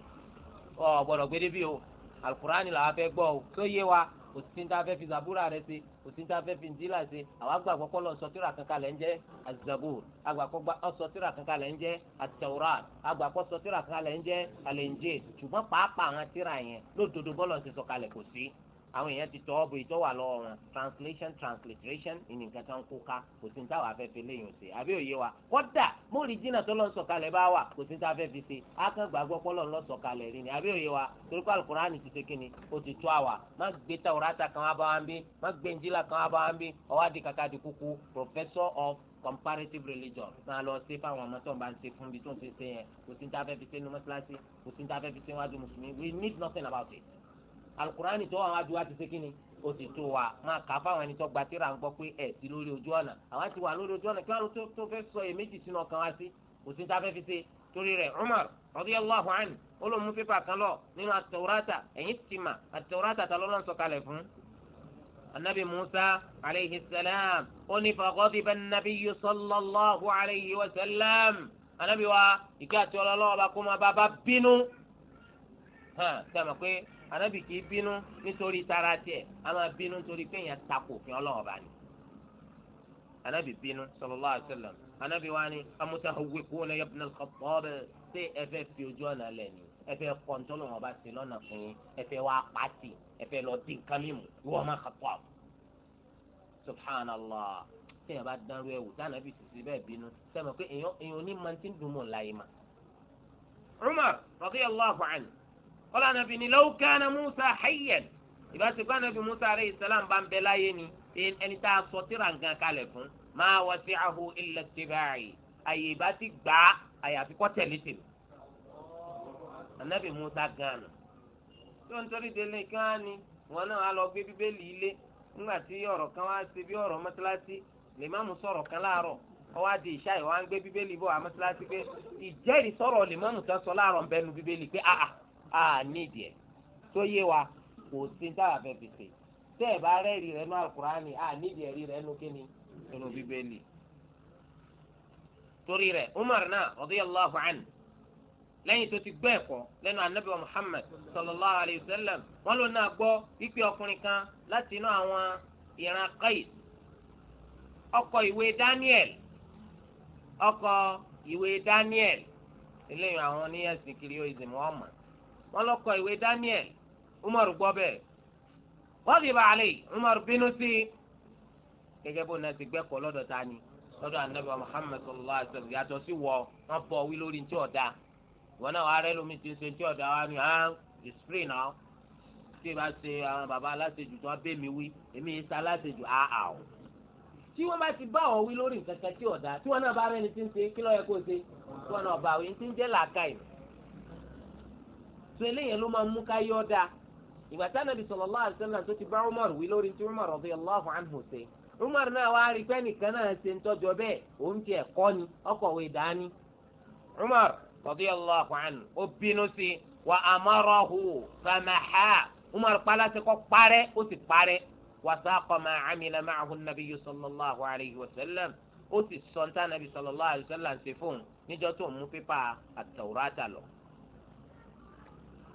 ọgbọ́dọ̀ gbé dé bí o alukurani làwa fẹ́ gbọ́ o tó yé wa kò sí ní ta fẹ́ fi zabura rẹ ṣe kò sí ní ta fẹ́ fi ndílà ṣe àwọn agbàgbọ́ kọ́ lọ sọ tíra kankan lẹ́ ń jẹ́ azabur agbàgbọ́ sọ tíra kankan lẹ́ ń jẹ́ atawurat agbàgbọ́ sọ tíra kankan lẹ́ ń jẹ́ alẹ́njẹ́ ṣùgbọ́n pàápàá àwọn tíra yẹn lódodo bọ́lọ̀ ṣe sọ̀kalẹ̀ kò sí àwọn èèyàn ti tọ́ ọ̀bù ìtọ́wà lọ́wọ́ wọn translation transliteration ìní nǹkan tó ń kó ká kò sí ní táwọn afẹ́fẹ́ léyìn òsè àbí òye wa kódà mórí jìnnà tó lọ sọ̀kalẹ̀ bá wà kò sí ní táwọn afẹ́fẹ́ ṣe akán gbàgbọ́ pọ́lọ́ lọ sọ̀kalẹ̀ rí ni àbí òye wa torí pé alukurani ti ṣe kíni ó ti tó àwà má gbé tàwùrátà kan wá bá wa ń bí má gbé njìlá kan wá bá wa ń bí ọwá kàkà professor of comparative religion máa lọ sí fáwọn ọmọ tó ń bá ń ṣe fún bí tó ń ṣe ṣe yẹn kò sí ní táwọn afẹ́fẹ́ ṣe ní mọ́ṣáláṣí kò sí ní táwọn afẹ́fẹ́ ṣe wájú mùsùlùmí we need nothing about it alukurani tó àwọn adùn wa ti ṣe kí ni o ti tó wa máa kà á fáwọn ẹni tó gba tíra ń gbọ́ pé ẹ̀ sí lórí ojú ọ̀nà àwọn ti wà lórí ojú ọ̀nà kí wọ́n tó tó fẹ́ sọ èméjì sínú ọkàn wa sí kò sí tá a fẹ́ fi ṣe torí rẹ̀ Umar radiyallahu anhu ó ló mú pépà kan lọ nínú atawurata ẹ̀yìn ti mà atawurata ta lọ́lọ́ sọ fún anabi musa alayhi salam ó ní fagọ́dìbà nabi sallallahu alayhi wa sallam anabi wa ìkẹ́ àti ọlọ́lọ́wọ́ bá kó anabi kì í bínú nítorí tara tiẹ̀ a máa bínú nítorí pé èèyàn takò òfin ọlọ́run bá ní. anabi bínú sallallahu alaihi wasallam anabi wa ni amutahawwikuna ya ibnal Khattab ṣé ẹ fẹ́ fi ojú ọ̀nà lẹ̀ ni ẹ fẹ́ kọ́ńtọ́lù wọn bá ti lọ́nà fún yín ẹ fẹ́ wá pàtì ẹ fẹ́ lọ dín nǹkan mímu ìwọ ọmọ Khattab subhanallah téèyàn bá dánrú ẹwù táwọn ẹbí sì sí bẹ́ẹ̀ bínú sẹ́mi pé èèyàn ní kọ́lá nàbì ni law kana Musa hayyan ìbáṣepọ̀ nàbì Musa alayhi salam bá ń bẹ láyé ni ẹni tá a sọ tíra nǹkan kalẹ̀ fún ma wasi'ahu illa ittiba'i àyè ìbá ti gbà á àyàfi kọ́ tẹ̀lé tèmi anabi Musa ganu tó ń torí délé kí wọn á ní wọn náà á lọ gbé bíbélì ilé nígbà tí ọ̀rọ̀ kan wá sí bí ọ̀rọ̀ mọ́tíláṣí lè má mú sọ̀rọ̀ kan láàárọ̀ ọwọ́ adé ìṣá ìwọ́n ń gbé bíbélì bọ̀ àmọ́tíláṣí pé ìjẹ́rìí sọ̀rọ̀ lè má mú tán láàárọ̀ ń bẹnu bíbélì pé àà a nídìí ẹ̀ tó yé wa kò sí táwa fẹ́ fi ṣe tẹ́ ẹ̀ bá rẹ́ẹ̀rì rẹ̀ nú alukurani a nídìí ẹ̀rí rẹ̀ nú kíni nínú bíbélì. torí rẹ̀ Umar náà radiyallahu anhu lẹ́yìn tó ti gbọ́ ẹ̀kọ́ lẹ́nu anabi wa Muhammad sallallahu alayhi wa sallam wọ́n ló náà gbọ́ pípé ọkùnrin kan láti inú àwọn ìran Qais ọkọ ìwé Daniel ọkọ ìwé Daniel eléyìí àwọn oníyẹ̀sìn kiri ó ìzìmọ̀ ọ̀mọ̀ wọ́n lọ kọ ìwé Daniel Umar gbọ́ bẹ́ẹ̀ wọ́n fi bàálẹ̀ Umar bínú sí i gẹ́gẹ́ bó na ti gbẹ́kọ̀ọ́ lọ́dọ̀ ta ni lọ́dọ̀ anabi Muhammad sallallahu alaihi wa sallam yàtọ̀ sí wọ wọ́n bọ̀ wí lórí ntí ọ̀dà wọn náà wàá rẹ lómi ti ń ṣe ntí ọ̀dà wa ni hàn is free now tí ì bá ṣe àwọn baba aláṣejù tí wọ́n bẹ́ mi wí èmi yìí sa aláṣejù àà o tí wọ́n bá ti bá ọ wí lórí nǹkan kan tí ọ̀dà tí wọ́n náà bá rẹ́ni ti ń ṣe kí lọ́ọ́ yẹ kó ṣe tí wọ́n náà bá wí ti ń jẹ́ làákàyè so eléyẹn ló máa mú ká yọ ọ́ dáa ìgbà tí anabi sallallahu alaihi wasallam tó ti bá umar wí lórí tí umar radiyallahu anhu ṣe umar náà wá rí pé nìkan náà ṣe ń tọjọ bẹ́ẹ̀ òun ti ẹkọ ni ọkọwé dání umar radiyallahu anhu ó bínú sí wa amarahu famaha umar kpalasẹ kọ parẹ́ ó sì parẹ́ wasaqa ma amila ma'ahu nabiyyu sallallahu alaihi wasallam ó sì sọ ní tí anabi sallallahu alaihi wasallam ṣe fún un níjọ́ tó ń mú pépà àtàwùrátà lọ.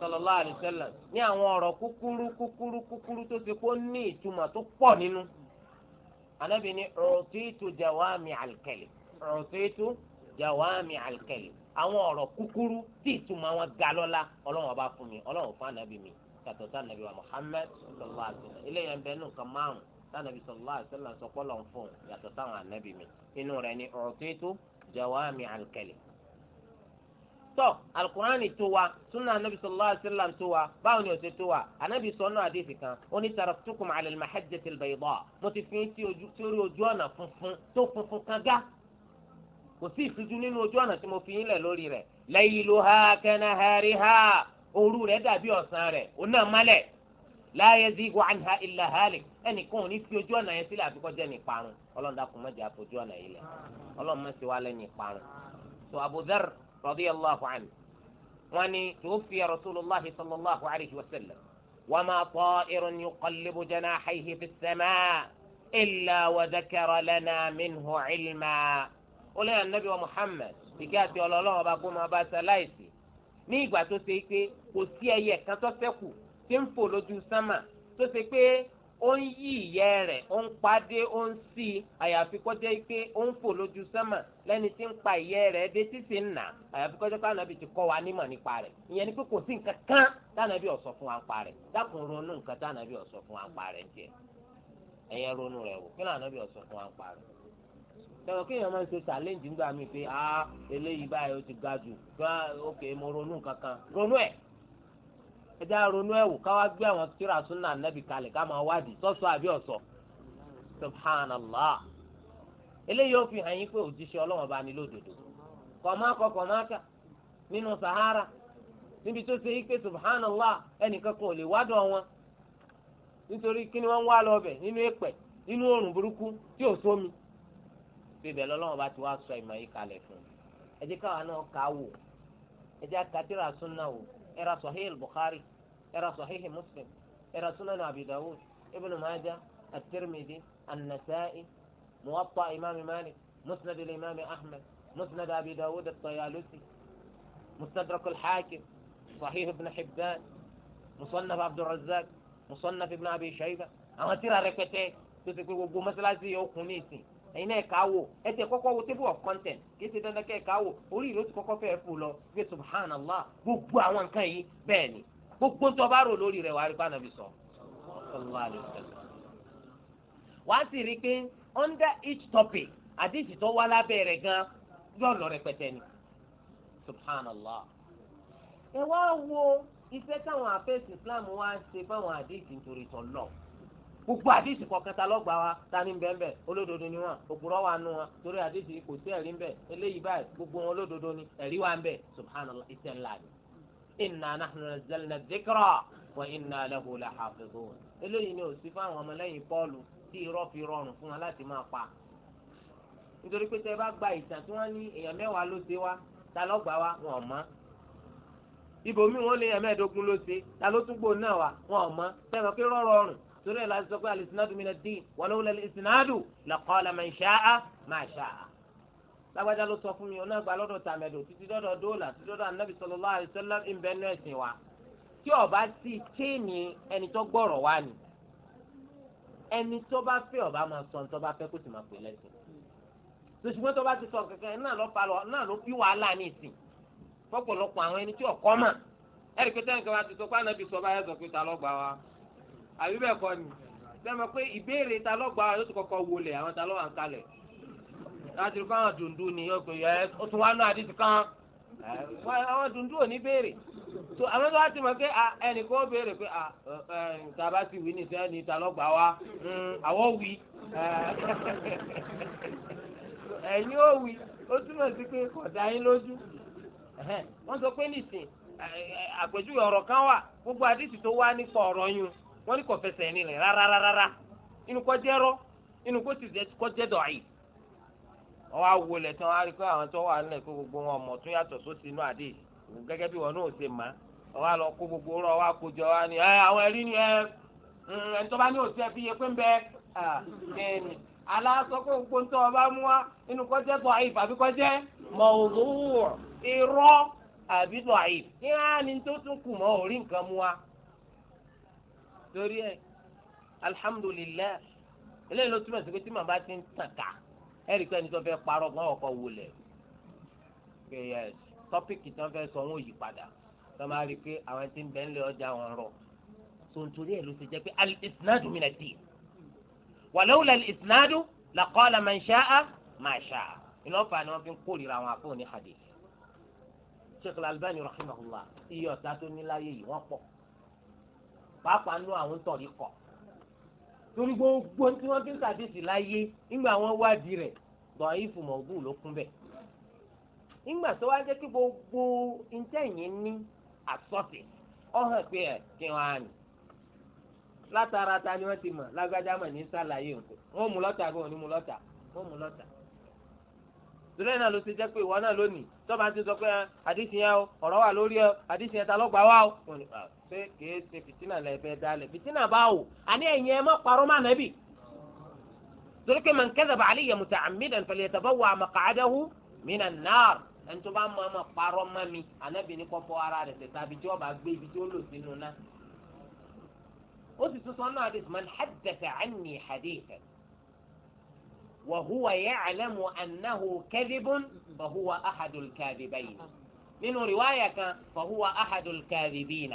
sallallahu alaihi wasallam ní àwọn ọ̀rọ̀ kúkúrú kúkúrú kúkúrú tó ti kó ní ìtumọ̀ tó pọ̀ nínú anabi ni utitu jawami al-kalim jawami al àwọn ọ̀rọ̀ kúkúrú tí ìtumọ̀ wọn ga lọ́la ọlọ́run ọba fún mi ọlọ́run fún anabi mi yàtọ̀ sí anabi wa muhammed sallallahu alaihi eléyà ń bẹ nù kan márùn sanabi sallallahu alaihi wasallam sọpọ́ lọ́n fún yàtọ̀ sáwọn mi inú rẹ̀ ni utitu jawami al tọ́ alukurani tó wa sunna anabi sallallahu alayhi wa sallam tó wa báwo ni o ti tó wa anabi sọnù àdéhìí kan ó ní taraktukum ala al-mahajjati al-bayda mo ti fi ti ojú sórí ojú ọ̀nà funfun tó funfun kan gá kò sí ìtújú nínú ojú ọ̀nà tí mo fi yín lẹ̀ lórí rẹ̀ layluha kanahariha òru rẹ̀ dàbí ọ̀sán rẹ̀ òun náà mọ́lẹ̀ la yazigu anha illa halik ẹnìkan ò ní fi ojú ọ̀nà yẹn sílẹ̀ àfikọ́ jẹ́ níparun ọlọ́run dákun má jẹ́ ọ̀nà yìí lẹ̀ ọlọ́run má ṣe wá lẹ́yìn ìparun radiyallahu anhu wọ́n ní tuwfiya rasulullahi sallallahu alayhi wa sallam wa ma ta'irun yuqallibu janahayhi fi as-samaa illa wa dhakara lana minhu ilma ó lẹ́yìn anabi wa muhammad ìkẹ́ àti ọlọ́lọ́wọ́ bá gbọ́n máa bá ṣaláìsì ní ìgbà tó ṣe pé kò sí ẹyẹ kan tó ṣẹ́kù tí ń fò lójú sánmà tó ṣe pé ó ń yí ìyẹ́ rẹ̀ ó ń padé ó ń sí i àyàfi kọjá pé ó ń fò lójú sánmà lẹ́ni tí ń pa ìyẹ́ rẹ̀ dé títí nà àyàfi pé ànábì ti kọ́ wa nímọ̀ nípa rẹ̀ ìyẹn ni pé kò sí nǹkan kan fún wa ń pa rẹ̀ dákun ronú nǹkan fún wa ń pa rẹ̀ jẹ ẹ̀yẹn ronú rẹ̀ wò kí fún wa ń pa rẹ̀ tẹ̀wọ̀ kí èèyàn máa ń ṣe challenge pé ah eléyìí báyìí ga jù gbá mo ronú ẹjẹ́ àrònú ẹ̀wò káwá gbé àwọn tíra súnà nẹ́bì kalẹ̀ ká máa wádìí sọ́sọ́ àbí ọ̀sọ́ subhanallah eléyìí ó fi hàn yín pé òjíṣẹ́ ọlọ́wọ́n bá ní lódodo sahara níbi tó ṣe yí pé subhanallah ẹnìkan kan lè wádọ̀ wọn nítorí kí ni wọ́n wá lọ bẹ̀ nínú ti wá sọ yìí fún un ẹ káwa náà wò ẹ súnà اقرأ صحيح البخاري اقرأ صحيح مسلم اقرأ سنن أبي داود ابن ماجه الترمذي النسائي موطأ إمام مالك مسند الإمام أحمد مسند أبي داود الطيالسي مستدرك الحاكم صحيح ابن حبان مصنف عبد الرزاق مصنف ابن أبي شيبة أما ترى rẹpẹtẹ تقول ti pé gbogbo ẹ̀yin náà ẹ̀ka wò ẹ tẹ kọ́kọ́ wo table of content kìí ṣe dandan kẹ́ ẹ̀ka wò orí ìlú ti kọ́kọ́ fẹ́ẹ́ fò lọ gbé subhanallah gbogbo àwọn nǹkan yìí bẹ́ẹ̀ ni gbogbo tó bá rò lórí rẹ̀ wàá rí pàánà bí sọ wàá sì rí i pé under each topic àdìsí tó wá lábẹ́ rẹ̀ gan yóò lọ rẹpẹtẹ ni subhanallah ẹ wá wo iṣẹ́ táwọn àfẹ́sì Islam wá ṣe fáwọn àdìsí nítorí tọ́lọ́ọ̀ gbogbo àdìsí kọ̀ọ̀kan ta wa ta ní bẹ́ẹ̀ bẹ́ẹ̀ olódodo ni wọn òpùrọ̀ wa nu wọn torí àdìsí kò sí gbogbo wọn olódodo ni ẹ̀rí wa ń bẹ subhanallah iṣẹ́ ńlá ni. inna nahnu nazzalna dhikra wa inna lahu lahafizun. eléyìí ni òsì ọmọlẹ́yìn pọ́ọ̀lù tí irọ́ fi gba ìtàn tí wọ́n ní èèyàn mẹ́wàá ló wa wọn mọ́ ibòmí wọn lè mẹ́ẹ̀ẹ́dógún ló ṣe ta ló náà wọn torí ẹ̀ la sọ pé alìsínádù mi náà dín walaw la alìsínádù laqala man sha'a ma sha'a. lágbájá ló sọ fún mi ọ̀nà àgbà lọ́dọ̀ tàmẹ̀dọ̀ títí dọ́dọ̀ dóòlà títí dọ́dọ̀ anábì sallallahu alaihi wasallam ìbẹ́nu ẹ̀sìn wa tí ọba ti chéènì ẹni tó gbọ́rọ̀ wá ni ẹni tó bá fẹ́ ọba máa sọ ní tó bá fẹ́ kó sì máa pè lẹ́sìn sọ̀tùmọ́ tó bá ti sọ kankan náà ló fa náà ló bí wàhálà ní ìsìn fọ́pọ̀lọpọ̀ àwọn ẹni tí ọ̀kọ́ mà ẹ̀rí pé tẹ́ǹkẹ́ wa ti sọ pé ànábì sọ báyọ̀ sọ pé ta lọ́gbà wa àbí ni sẹ́mi pé ìbéèrè ta lọ́gba yóò ti kọ́kọ́ wọlé àwọn ta lọ́wọ́ àǹkalẹ̀ láti fún àwọn dundun ni yóò pè kan àwọn dundun ò ní béèrè tó àwọn tó wá ti mọ̀ pé ẹnì kan ó béèrè pé ti wí ní sẹ́ni ta wa hmm, àwọ̀ wí [LAUGHS] ẹ̀yin ó wí ó túmọ̀ sí pé yín lójú wọ́n sọ pé nìsín àpèjúwe ọ̀rọ̀ kan wà gbogbo àdìsí tó wá nípa wọ́n ní kò fẹsẹ̀ nílẹ̀ rárárárá inú kọ́ jẹ́ rọ́ inú kó sì kọ́ jẹ́ dọ̀ọ̀yì. wọ́n wá wo lẹ̀ tán wá rí pé àwọn tó wà nílẹ̀ kó gbogbo wọn mọ̀ tún yàtọ̀ sósì inú àdé gẹ́gẹ́ bí wọn náà ṣe mọ̀ wọ́n wá lọ kó gbogbo rọ̀ wá kójọ wá ní ẹ àwọn ẹ̀rí ni ẹ ẹ̀ tó bá ní òsì ẹ yẹ pé ń bẹ ẹni aláṣọ kó gbogbo ntọ́ ọba mú wa inú kọ́ jẹ́ dọ̀ọ̀yì àbí kọ́ jẹ́ mọ̀ọ́dúnrún irọ́ àbí dọ̀ọ̀yì kí á ní tó tún kù mọ́ orí nǹkan mú wa torí ẹ alihamudulilayi eléyìí ló túmọ̀ sí pé tí màmá ti ń tàn ká ẹ̀rí pé ẹni tó fẹ́ parọ́ gan ọkọ̀ wọlé pé yes tọ́pìkì tí wọ́n fẹ́ sọ wọn ò yí padà tó máa rí i pé àwọn tí ń bẹ́ ń lé ọjà wọn rọ tó ń torí ló ti jẹ́ pé al-isnadu min ad-din walawla al-isnadu laqala man sha'a ma sha'a iná ni wọ́n fi ń kórìíra àwọn àfọ̀n ní hadith Sheikh al rahimahullah iye ọ̀tá tó ní yìí wọ́n pọ̀ pàápàá nínú àwọn sọ̀rí kọ̀ torí gbogbo tí wọ́n fi ń sàdéṣì láyé nígbà wọ́n wádìí rẹ̀ dọ̀yìn ìfùmọ̀gbù ló kún bẹ̀. nígbà tó wá jẹ́ kí gbogbo ní àsọ̀tì ọ pé ẹ̀ kí wọ́n á ni wọ́n ti mọ̀ lágbájá mọ̀ ní sàlàyé wọ́n mú lọ́tà ní mú lọ́tà wọ́n mú lọ́tà. náà ló ti jẹ́ pé ìwọ náà lónìí tó bá ti sọ ta ṣé kìí ṣe fìtínà da lẹ fìtínà báwo àní ẹ̀yin ẹ̀ má kparo má nàbì torí pé man kadhaba alayya muta'ammidan falyatabawwa maq'adahu minan nar ẹni tó bá mọ má kparo má mi ànábì ní kọ́ fọ́ ara rẹ̀ tẹ̀sà àbí tí wọ́n bá gbé ibi tí wọn lò sí sínú náà ó sì tún sọ náà hadith man haddatha anni hadithan وهو يعلم أنه كذب فهو أحد الكاذبين من رواية فهو أحد الكاذبين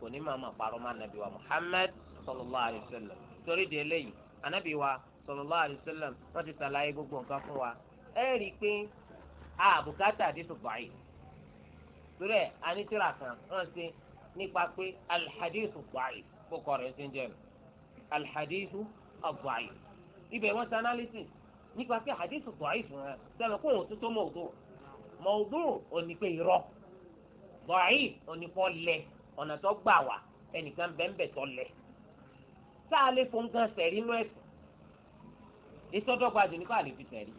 kò ní máa ma parọ́ mọ́ anabi wa muhammed sallallahu alayhi wa sallam torí di eléyìí anabi wa sallallahu alayhi wa sallam wọ́n ti sàlàyé gbogbo nǹkan fún wa ẹ rí i pé àbùkátà àdìsù báyìí torí ẹ anítìrà kan wọ́n ṣe nípa pé alhadisu báyìí kó rẹ̀ ṣe ń jẹ́ alhadisu báyìí ibẹ̀ wọ́n ṣe analysis nípa pé àdìsù báyìí fún ẹ sẹ́nu kó òun tuntun mọ̀ọ́dún mọ̀ọ́dún ò pé irọ́ báyìí ò pọ́ lẹ́ẹ̀. ọ̀nà tó gbà wá ẹnìkan bẹ́ẹ̀nbẹ́ tó lẹ̀ tá a lè fún gan sẹ̀rí nú ẹ̀sìn ìsọdọ́gba jù fi sẹ̀rí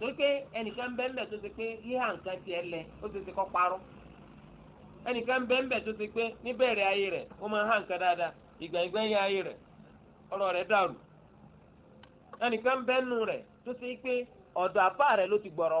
torí pé ẹnìkan bẹ́ẹ̀nbẹ́ tó ti pé yíyá nǹkan tiẹ̀ lẹ̀ ó ti ti kọ́ parọ́ ẹnìkan bẹ́ẹ̀nbẹ́ ti pé níbẹ̀rẹ̀ ayé rẹ̀ ó máa hàn nǹkan dáadáa ìgbà ayé rẹ̀ ọ̀rọ̀ rẹ̀ dàrú ẹnìkan bẹ́ẹ̀nu rẹ̀ tó ti pé ọ̀dọ̀ àfáà rẹ̀ ló ti gbọ̀rọ̀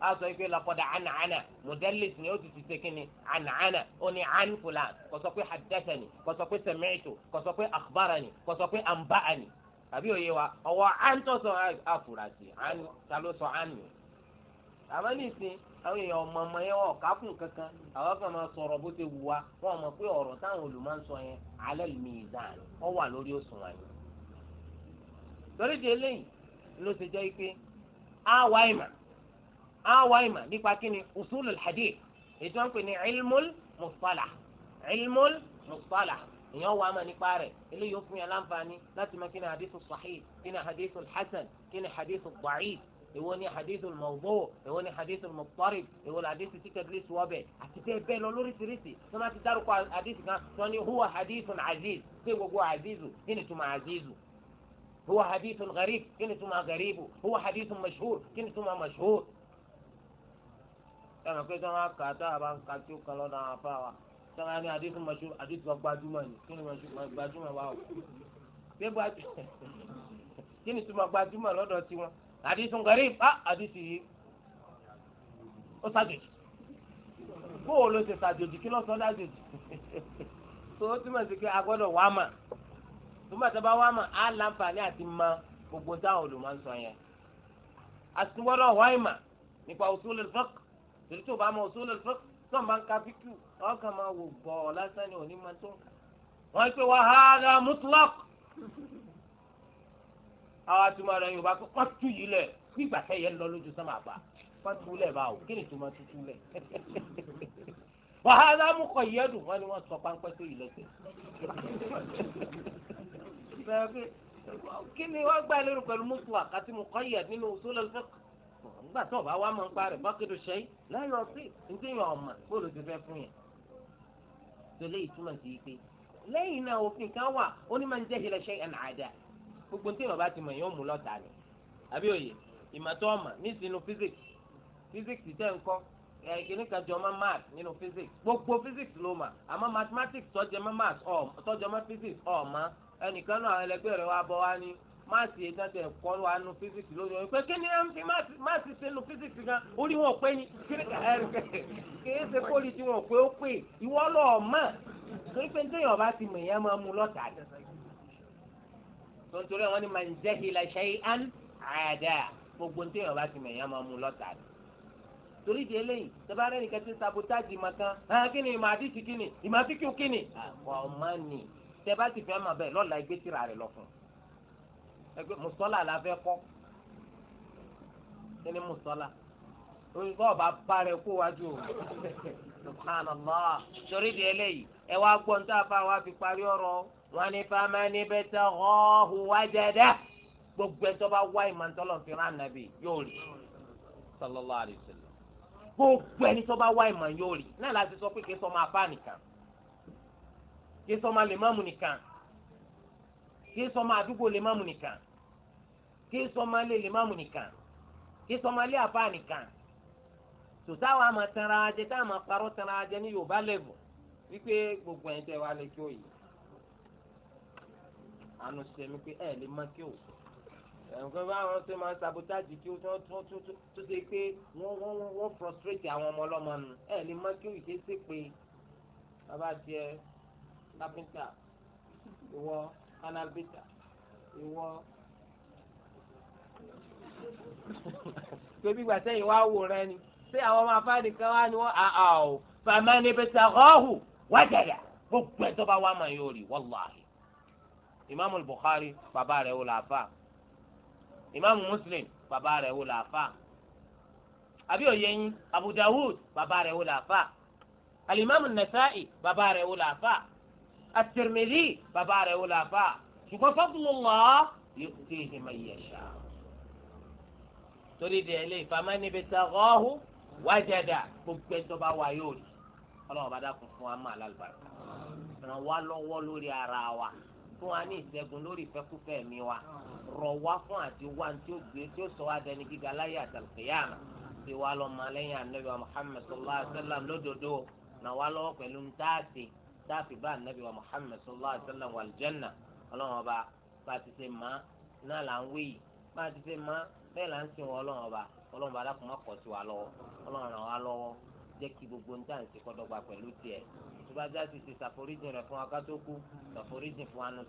a sọ pé lakọdà ànàánà mudallis ni ó ti ti ṣe kínní ànàánà ó ní àn fulan kò sọ pé haddathani kò sọ pé sami'tu kò sọ pé akhbarani kò sọ pé anba'ani àbí òye wa ọwọ́ àn sọ àfúrásì àn ta sọ àn àmọ́ nìsín àwọn èèyàn ọmọ ọmọ yẹn wọn kà kankan àwọn kan máa sọ̀rọ̀ bó ti wù wá wọn mọ̀ pé ọ̀rọ̀ táwọn olùmọ̀ ń sọ yẹn alẹ́ mìíràn wọ́n wà lórí òṣùwọ̀n yẹn. torí di eléyìí ló ti jẹ́ pé àwa ìmọ̀ á wá ìmọ̀ nípa kíni usulul hadith ètò wọn pè ní ilmul mustalah ilmul mustalah èèyàn wà á mọ̀ nípa rẹ̀ eléyìí ó fún yàn láǹfààní láti mọ̀ kíni hadithu sahih kíni hadithu hasan kíni hadithu da'if èwo ni hadithu mawdu èwo ni hadithu mọ̀tọ́rì èwo ni hadithu tí tẹ̀lé suwọ́bẹ̀ àti bẹ́ẹ̀ bẹ́ẹ̀ lọ lóríṣiríṣi tó máa ti dárúkọ hadithu kan tó ní huwa hadithu aziz pé gbogbo azizu kí ni tuma azizu huwa hadithu gharib kí ni tuma gharibu huwa hadithu mashhur kí ni tuma mashhur ẹnì pé tí wọ́n kà tá a bá ń ka tí kan lọ́dọ̀ àwọn afá wa tí wọ́n ní àdìsí mọ̀ṣú àdìsí gbajúmọ̀ ni kí ni mọ̀ṣú gbajúmọ̀ wa o ṣé gbajúmọ̀ [LAUGHS] kí ni túmọ̀ gbajúmọ̀ lọ́dọ̀ tiwọn àdìsí ngọ̀rí pa àdìsí yìí ó ṣàjòjì bóò ló ṣe ṣàjòjì kí lọ́sọ̀ọ́ dájòjì tó [LAUGHS] o túmọ̀ sí pé a gbọ́dọ̀ wá mà túmọ̀ tó bá wá mà á láǹfààní àti mọ gbogbo táwọn olùmọ̀ ń sọ yẹn àti gbọ́dọ̀ wá ìmà nípa usul al torí tó bá mọ òṣòlò fiqh tó ń bá ń ka fíkù ọkàn máa wò gbọ́ ọ lásán ni òní máa tó ń kà wọ́n pe wa hada mutlaq àwọn àtúmọ̀ rẹ̀ yorùbá kó wọ́n tú yìí lẹ̀ kí ìgbà kẹyẹ lọ lójú sọ́mà àgbà wọ́n tú lẹ̀ báwo kí ni tó máa tutù lẹ̀ wa hada muqayyadu wọ́n ni wọ́n sọ páńpẹ́ tó yìí lẹ́sẹ̀ kí ni wọ́n gbà lérò pẹ̀lú mutlaq àti muqayyad nínú usul al-fiqh fún ọ nígbà tó o bá wá máa ń parẹ bákẹ́tù ṣẹ́yìn láyọ̀ sí nítorí yàn ọ̀mà bóòlù ti fẹ́ fún yẹn. tòlẹ́ ìtumọ̀ sí i pé lẹ́yìn náà òfin kan wà ó ní máa ń jẹ́ ìlẹ̀ ṣẹ́yìn ẹ̀nà àdá gbogbo tí yàn bá ti mọ̀ yàn ó mú lọ́ta ni. àbí òye ìmọ̀tọ́ ọ̀mà ní sinú physics physics tẹ̀ ń kọ́ kìíní kan jọ mọ́ math nínú physics gbogbo physics ló mà àmọ́ mathematics tọ́jọ́ mọ́ math tọ́jọ́ mọ́ physics ọ̀ọ́mọ́ ẹnìkan náà ẹlẹgbẹ́ rẹ̀ wá bọ́ wá ní máàsì yẹn tán tẹ ẹ̀kọ́ wa nu físíkì lórí wọn pé kí ni ẹ ń fi máàsì ṣe nu físíkì gan orí wọn pé ni kìí ṣe kórìí tí wọn pé ó pè ìwọ lọ́ọ̀ mọ̀ torí pé téèyàn bá ti mọ̀ èèyàn máa mú lọ́tà ni. tontorí àwọn ni màá jẹ́ ìlà ṣe é án àdá gbogbo téèyàn bá ti mọ̀ èèyàn máa mú lọ́tà ni torí di eléyìí tabarẹ́ nìkan ti sabotage ìmọ̀ kan ah, kí ni ìmọ̀ àdìsí kí ni ìmọ̀ àfikún kí ni. Ah, ọmọ ni tẹ ti fẹ́ mọ̀ bẹ́ẹ̀ lọ́la ẹgbẹ́ tìrà rẹ̀ lọ fún un ẹgbẹ́ mùsọ́là la fẹ́ kọ́ kí ni mùsọ́là orí kọ́ ọba parẹ́ kó wájú o subhanallah torí di eléyìí ẹ wá gbọ́ níta fún àwọn afi parí ọ̀rọ̀ wọn ní fama ní bẹ́ẹ̀ tẹ ọ́ọ́hù wájẹ́dẹ́ gbogbo ẹ̀ tó bá wá ìmọ̀ ntọ́lọ̀ fi rán nàbì yóò rí sallallahu alayhi wa sallam gbogbo ẹni bá wá ìmọ̀ yóò rí náà láti sọ pé kí sọ́mọ afá nìkan kí sọ́mọ lèmọ́mù nìkan kí sọ́mọ àdúgbò lèmọ́mù nìkan kí sọmalé limamu nìkan kí sọmalé àfa nìkan tòtá wa máa tanra ajẹ tá a máa parọ́ tanra ajẹ ní yorùbá lẹ́bù wípé gbogbo ẹ̀ ń tẹ́ wa lè kí òye àánú ṣe mí pé ẹ̀ lè má kí o ẹ̀ǹkan bá wọn ṣe máa ń sabotage kí o tó ṣe pé wọ́n wọ́n wọ́n frustrate àwọn ọmọ ọlọ́mọ nù ẹ̀ lè má kí o ṣe é ṣe pé bàbá tiẹ̀ kápẹ́ńtà ìwọ kánábẹ́tà ìwọ tóbi gbà sẹ́yìn wá wò rẹ ni ṣé àwọn ọmọ afáàdì kan wá ni wọ́n àà ò fàmà ní bẹ́sẹ̀ ọ̀hù wájàyà gbogbo ẹ̀ tó bá wà mà yóò rí wàláhì. ìmáàmù Bukhari bàbá rẹ̀ wò láàfà ìmáàmù Muslim bàbá rẹ̀ wò láàfà àbí òye yín Abu bàbá rẹ̀ wò láàfà alimami Nasa'i bàbá rẹ̀ wò láàfà at bàbá rẹ̀ wò láàfà ṣùgbọ́n fadlullah yu'tihi man yasha torí di ẹlẹ́ ìfàmà níbi tá a rọ́ọ̀hù wájàdà gbogbo ẹjọ́ bá wà yóò rí ọlọ́run bá dákun fún wa mọ́ àlálùbáràkà ràn wá lọ́wọ́ lórí ara wa fún wa ní ìṣẹ́gun lórí ìfẹ́kúfẹ́ mi wa rọ̀ wá fún àti wá tí ó gbé tí ó sọ wá dẹni gíga láyé àtàlùkìyàmà ti wá lọ mọ lẹ́yìn anabi wa muhammed sallallahu alayhi wa sallam lódodo ràn wá lọ́wọ́ pẹ̀lú ntaasi taafi bá anabi wa muhammed sallallahu alayhi wa sallam wà bẹ́ẹ̀ là ń sìn wọn ọlọ́run ọba ọlọ́run ọba alákùnmá kọ̀ sí wa lọ́wọ́ ọlọ́run ràn wá lọ́wọ́ jẹ́ kí gbogbo ń tàn sí kọ́dọ́gba pẹ̀lú tiẹ̀ tó bá já sí ti ṣàforíjìn rẹ̀ fún akátókù ṣàforíjìn fún anu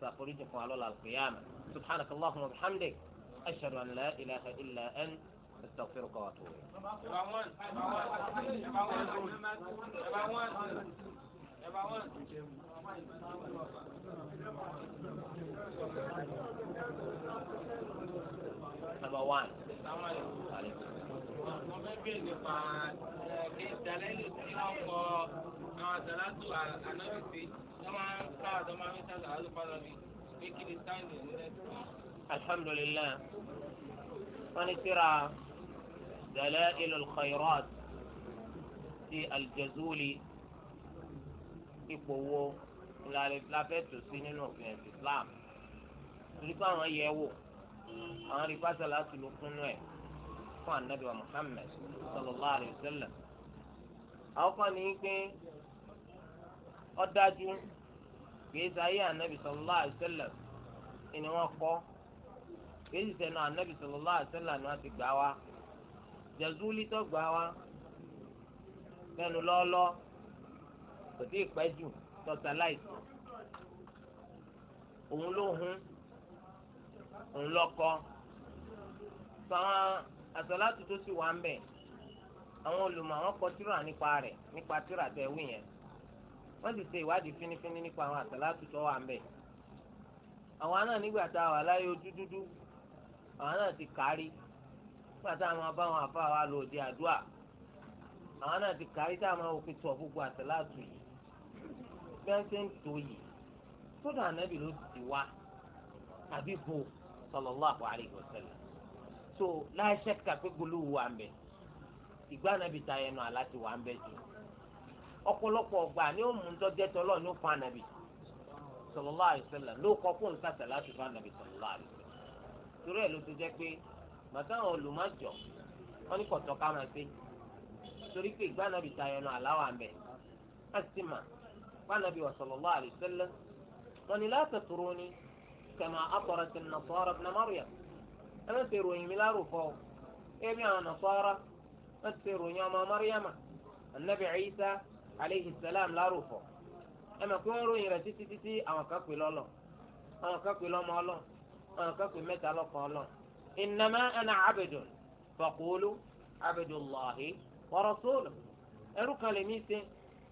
ṣàforíjìn fún alọ́lá al-qiyam wa bihamdik ashhadu an la ilaha illa number one. mo fẹ́ bèèrè nípa kí ìdálẹ́lì tí wọ́n kọ àwọn àdàlátù ànábìsí tó máa ń ká àdó máa ń ta àdó padà mi pé kí ni sáyẹ̀dì nílẹ̀ tó. alhamdulilayi wọ́n ní síra dalail al-khayrat ti al-jazuli ipò wo la fẹ́ tò sí nínú òfin islam torí pé àwọn yẹ̀ wò. àwọn rí pásá láti ló kúnú ẹ̀ anabi wa sallallahu alayhi wa sallam àwọn pé anabi sallallahu alayhi wa sallam ni wọ́n kọ́ kìí sì sẹ́nu anabi sallallahu alayhi wa sallam ni wọn ti gbà wá jazuli tó gbà wá kò tí ì pẹ́ jù ńlọkọ sọ́wọ́n àsọ̀látù tó sì wà ń bẹ̀ àwọn olùmọ̀ àwọn kọ tírà nípa rẹ̀ nípa tírà tẹ̀ wí yẹn wọ́n ti ṣe ìwádìí fínífíní nípa àwọn àsọ̀látù tó wà ń bẹ̀ àwọn náà nígbà tá a wà láyé ojú dúdú àwọn náà ti kárí nígbà tá a máa bá àwọn àfa wa lò di àdúà, àwọn náà ti kárí tá a máa òfin tọ̀ gbogbo àsọ̀látù yìí bí wọ́n ṣe ń tò yìí sódà ànábì ló ti wá àbí bò ó. صلى الله عليه وسلم. so لا شك في wà ń bẹ ìgbà nàbì ta ẹnu aláti wà ń bẹ jù ọ̀pọ̀lọpọ̀ ọgbà ni ó mú ń tọjẹ tọlọ ní ó fún anabi sallallahu alayhi wa sallam ló kọ fún nsàtà láti fún anabi sallallahu alayhi wa sallam torí ẹ ló ti jẹ pé màtá àwọn olùmọjọ wọn ní kọtọ ká máa ṣe torí pé ìgbà nàbì ta ẹnu aláwà ń bẹ láti mà fún anabi wa sallallahu alayhi wọn ni la tatruni kama akọrọtì nasọrọ ibn Maryam ẹ má ṣe ròyìn mi lárúkọ o ebi àwọn nasọrọ má ṣe ròyìn ọmọ Maryam anabi Isa aleyhi salam lárúkọ ẹ má kí wọn ròyìn rẹ títí títí àwọn kan pè lọlọ àwọn kan pè lọmọ ọlọ àwọn kan pè mẹ́ta lọkọ ọlọ innama ana abdun faqulu abdullahi wa rasuluhu kan lè mí ṣe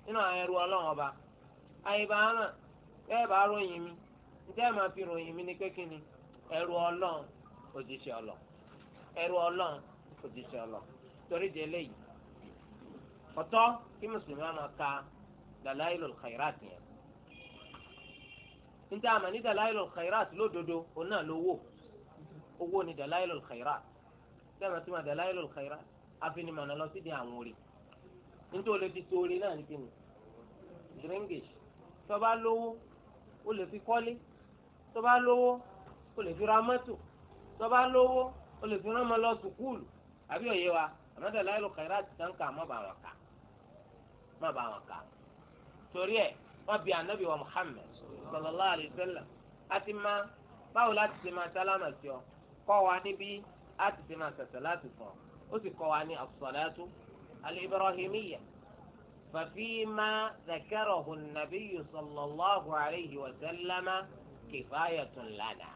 nínú àwọn ẹrú Ọlọ́run ọba àyè bá hàn bẹ́ẹ̀ bá mi níta ẹ̀ máa fi ròyìn mi ní kékeré ẹrù ọlọ́run òjíṣẹ́ ọlọ́run ẹrù ọlọ́run òjíṣẹ́ ọlọ́run torí di eléyìí ọ̀tọ̀ kí mùsùlùmí máa ka dalailul khairat yẹn níta àmà ní dalailul khairat lódodo òun náà lówó owó ni dalailul khairat níta àmà tí ma dalailul khairat afinimọ̀nà lọ sí di àwọn orí nítorí olè ti sori náà ní kíni drinkish tọ́ba lówó ó lè kọ́lé tó bá lówó o lè fi ra mọ́tò tó bá lówó o lè fi rán ọmọ lọ sùkúlù àbí òye wa àmọ́tà láìlò kàrà àti tàǹkà má bà wọn kà má bà wọn kà torí ẹ wọn bí anabi wa Muhammad sallallahu alayhi wa sallam àti má báwo láti ṣe máa sálámà sí ọ kọ́ wa níbí láti ṣe máa sàṣà láti fún ó sì kọ́ wa ní as-salatu ibrahimiyya fa zakarahu nabiyyu sallallahu alayhi wa sallam kìfáyàtún lànà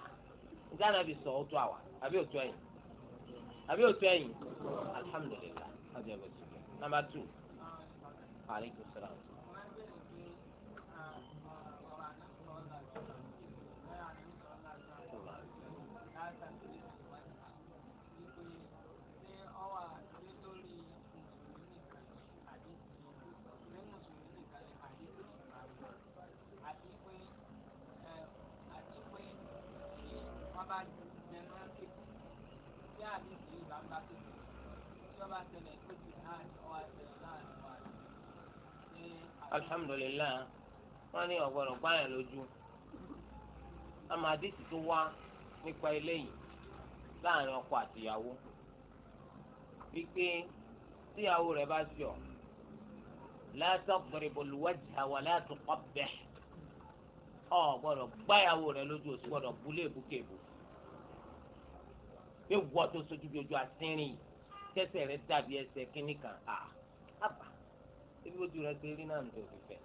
nígbà náà bí sọ ó tó àwà àbí òtún ẹ̀yìn àbí òtún ẹ̀yìn alhamdulilah ọjọ́ ìbùsùn nàmbà tù aleykum salaam. alhamdulilayi wọn ní ọgbọdọ gbáyà lójú àmọ́ àdìsí tó wá nípa eléyìí láàrin ọkọ àtìyàwó wípé tíyàwó rẹ̀ bá sọ látọgbẹrẹbọ lùwẹjà wà látọkọbẹ ọ gbọ́dọ̀ gbáyàwó rẹ̀ lójú òsì gbọ́dọ̀ búlé búkèbù pé wọ tó sojú bí ojú àtìrìn yìí kẹsẹ̀ rẹ dàbí ẹsẹ̀ kínní kan à àbà ebi ojú rẹ ṣe rí náà ní tòfi fẹ́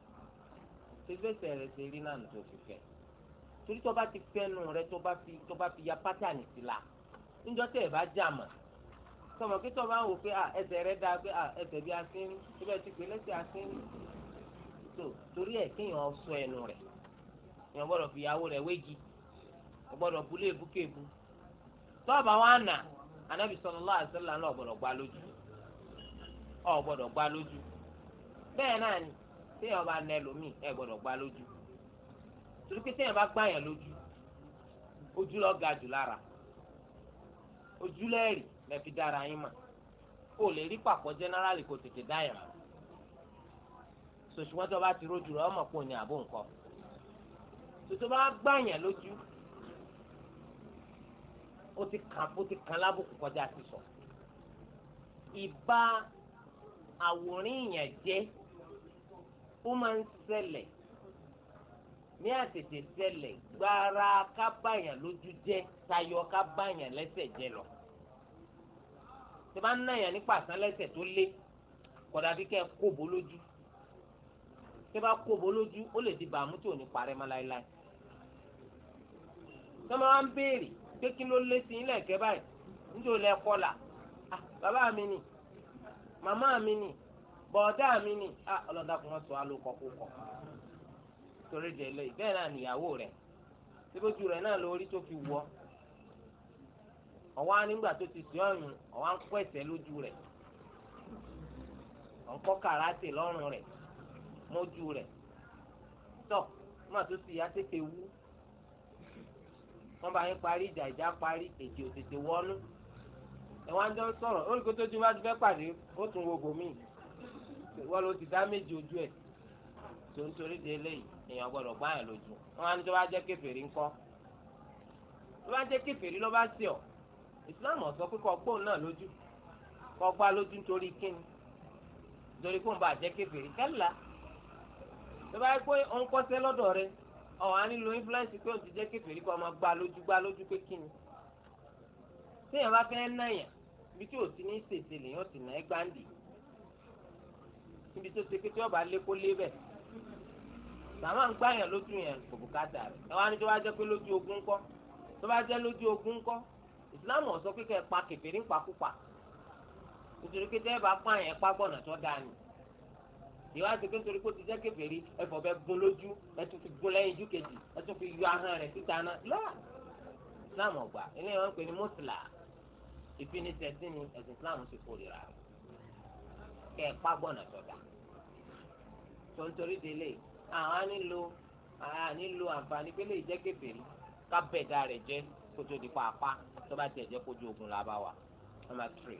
ṣèṣe ẹsẹ̀ rẹ ṣe rí náà ní tòfi fẹ́ torí tó bá ti fẹ́nu rẹ tó bá fi tó bá fi ya pátánì sí la níjọ́ tẹ̀ ẹ̀ bá jà mọ̀ sọmọ pé tó bá ń wò pé à ẹsẹ̀ rẹ dáa pé à ẹsẹ̀ bí asínrín síbẹ̀ ti pè lẹ́sẹ̀ asínrín tó torí ẹ̀ kéèyàn sọ ẹnu rẹ̀ èèyàn gbọ́dọ̀ fi ìyàwó rẹ̀ wéjì ọgbọ́dọ̀ bulé e búkébú tọ́ọ̀bà wa nà anabi sallallahu alaihi wasallam náà gbá lójú ọ gbọ́dọ̀ gbá lójú bẹ́ẹ̀ náà ni téèyàn bá nà ẹlòmíì ẹ gbá lójú torí pé téèyàn bá gbá lójú ojú lọ ga jù lára ojú lẹ́ẹ̀rì lẹ́fi dára yín mà lè rí pàpọ̀ jẹ́nẹ́rálì kò tètè ó ti kàn ó ti kàn lábùkù kọjá ti sọ ìbá àwòrán ìyàn jẹ́ ó máa ń ṣẹlẹ̀ ní àtètè ṣẹlẹ̀ gbára kábàyàn lójú jẹ́ tayọ kábàyàn lẹ́sẹ̀ jẹ́ lọ tí bá ń nàyàn ní pàṣán lẹ́sẹ̀ tó lé kódà bí kẹ́ kóbo lójú tí bá kóbo lójú ó lè di bàmú tí ò ní parẹ́ mọ́ láéláé tí wọ́n máa ń béèrè pé kí ló lé sí ilé ẹ̀kẹ́ báyìí níjó lẹ kọlà ah, bàbá mi ni màmá mi mi ah, ọlọ́dà kò wọ́n sọ alókọ̀ torí bẹ́ẹ̀ náà rẹ̀ fi wọ́ ọ̀wá nígbà tó ti ọ̀wá ń kọ́ ẹ̀sẹ̀ lójú rẹ̀ lọ́rùn rẹ̀ mójú rẹ̀ tọ́ tó yá tètè wọ́n bá yín parí ìjà ìjà parí èjì òtètè wọ́nú ẹ̀wọ́n á jọ sọ̀rọ̀ ó rí kó tó ju wá ti fẹ́ pàdé ó tún wo bòmí wọ́n ló ti dá méjì ojú ẹ̀ tó ń torí de eléyìí èèyàn gbọ́dọ̀ gbá yẹn lójú wọ́n á ní tó bá jẹ́ kèfèrí ńkọ́ tó bá jẹ́ kèfèrí ló bá sí ọ ìsìláàmù ọ̀sọ́ pé kọ́ gbóhùn náà lójú kọ́ gbá lójú nítorí kíni nítorí kó bá jẹ́ kèfèrí kẹ́lá tó bá yẹ pé òun kọ́sẹ́ lọ́dọ̀ rẹ̀ ọ̀hún á nílò influence pé òun ti jẹ́ kékeré kó ọmọ gbá lójú gbá lójú pé kí ni téèyàn bá fẹ́ náyàn ibi tí ò ti ní sèse lèyàn ti nà ẹ́ gbáǹdì níbi tó ṣe pé tí ọba lé kó màmá ń gbáyàn lójú yẹn kò bùkátà rẹ̀ ẹ wá ní tó bá jẹ́ pé lójú ogun ńkọ́ tó bá jẹ́ lójú ogun ńkọ́ ìsìláàmù ọ̀sọ́ pé kẹ́ ẹ pa kèfèrí ńpakúpa nítorí pé tẹ́ ẹ bá pààyàn ẹ pa gbọ̀nà tó dáa ni ìwà àti pé nítorí pé ó ti jẹ́ kèfèrí ẹ̀fọ́ bẹ gún lójú ẹ tún fi gún lẹ́yìn ojú kejì ẹ tún fi yọ ahọ́n rẹ̀ síta náà lọ́wọ́ islam ọ̀gbà eléyìí wọ́n ń pè ní mùsùlà ìfinisẹ́sí ni ẹ̀sìn islam ti kórìíra rẹ̀ kẹ́ ẹ̀ pàgbọ́nà sọ̀dà tó ń torí délé àwọn nílò àwọn nílò àǹfààní pé lè jẹ́ kèfèrí ká bẹ̀dá rẹ̀ jẹ́ kó tó di pàápàá tó bá tẹ̀ jẹ́ kójú ogun làbá wa number three.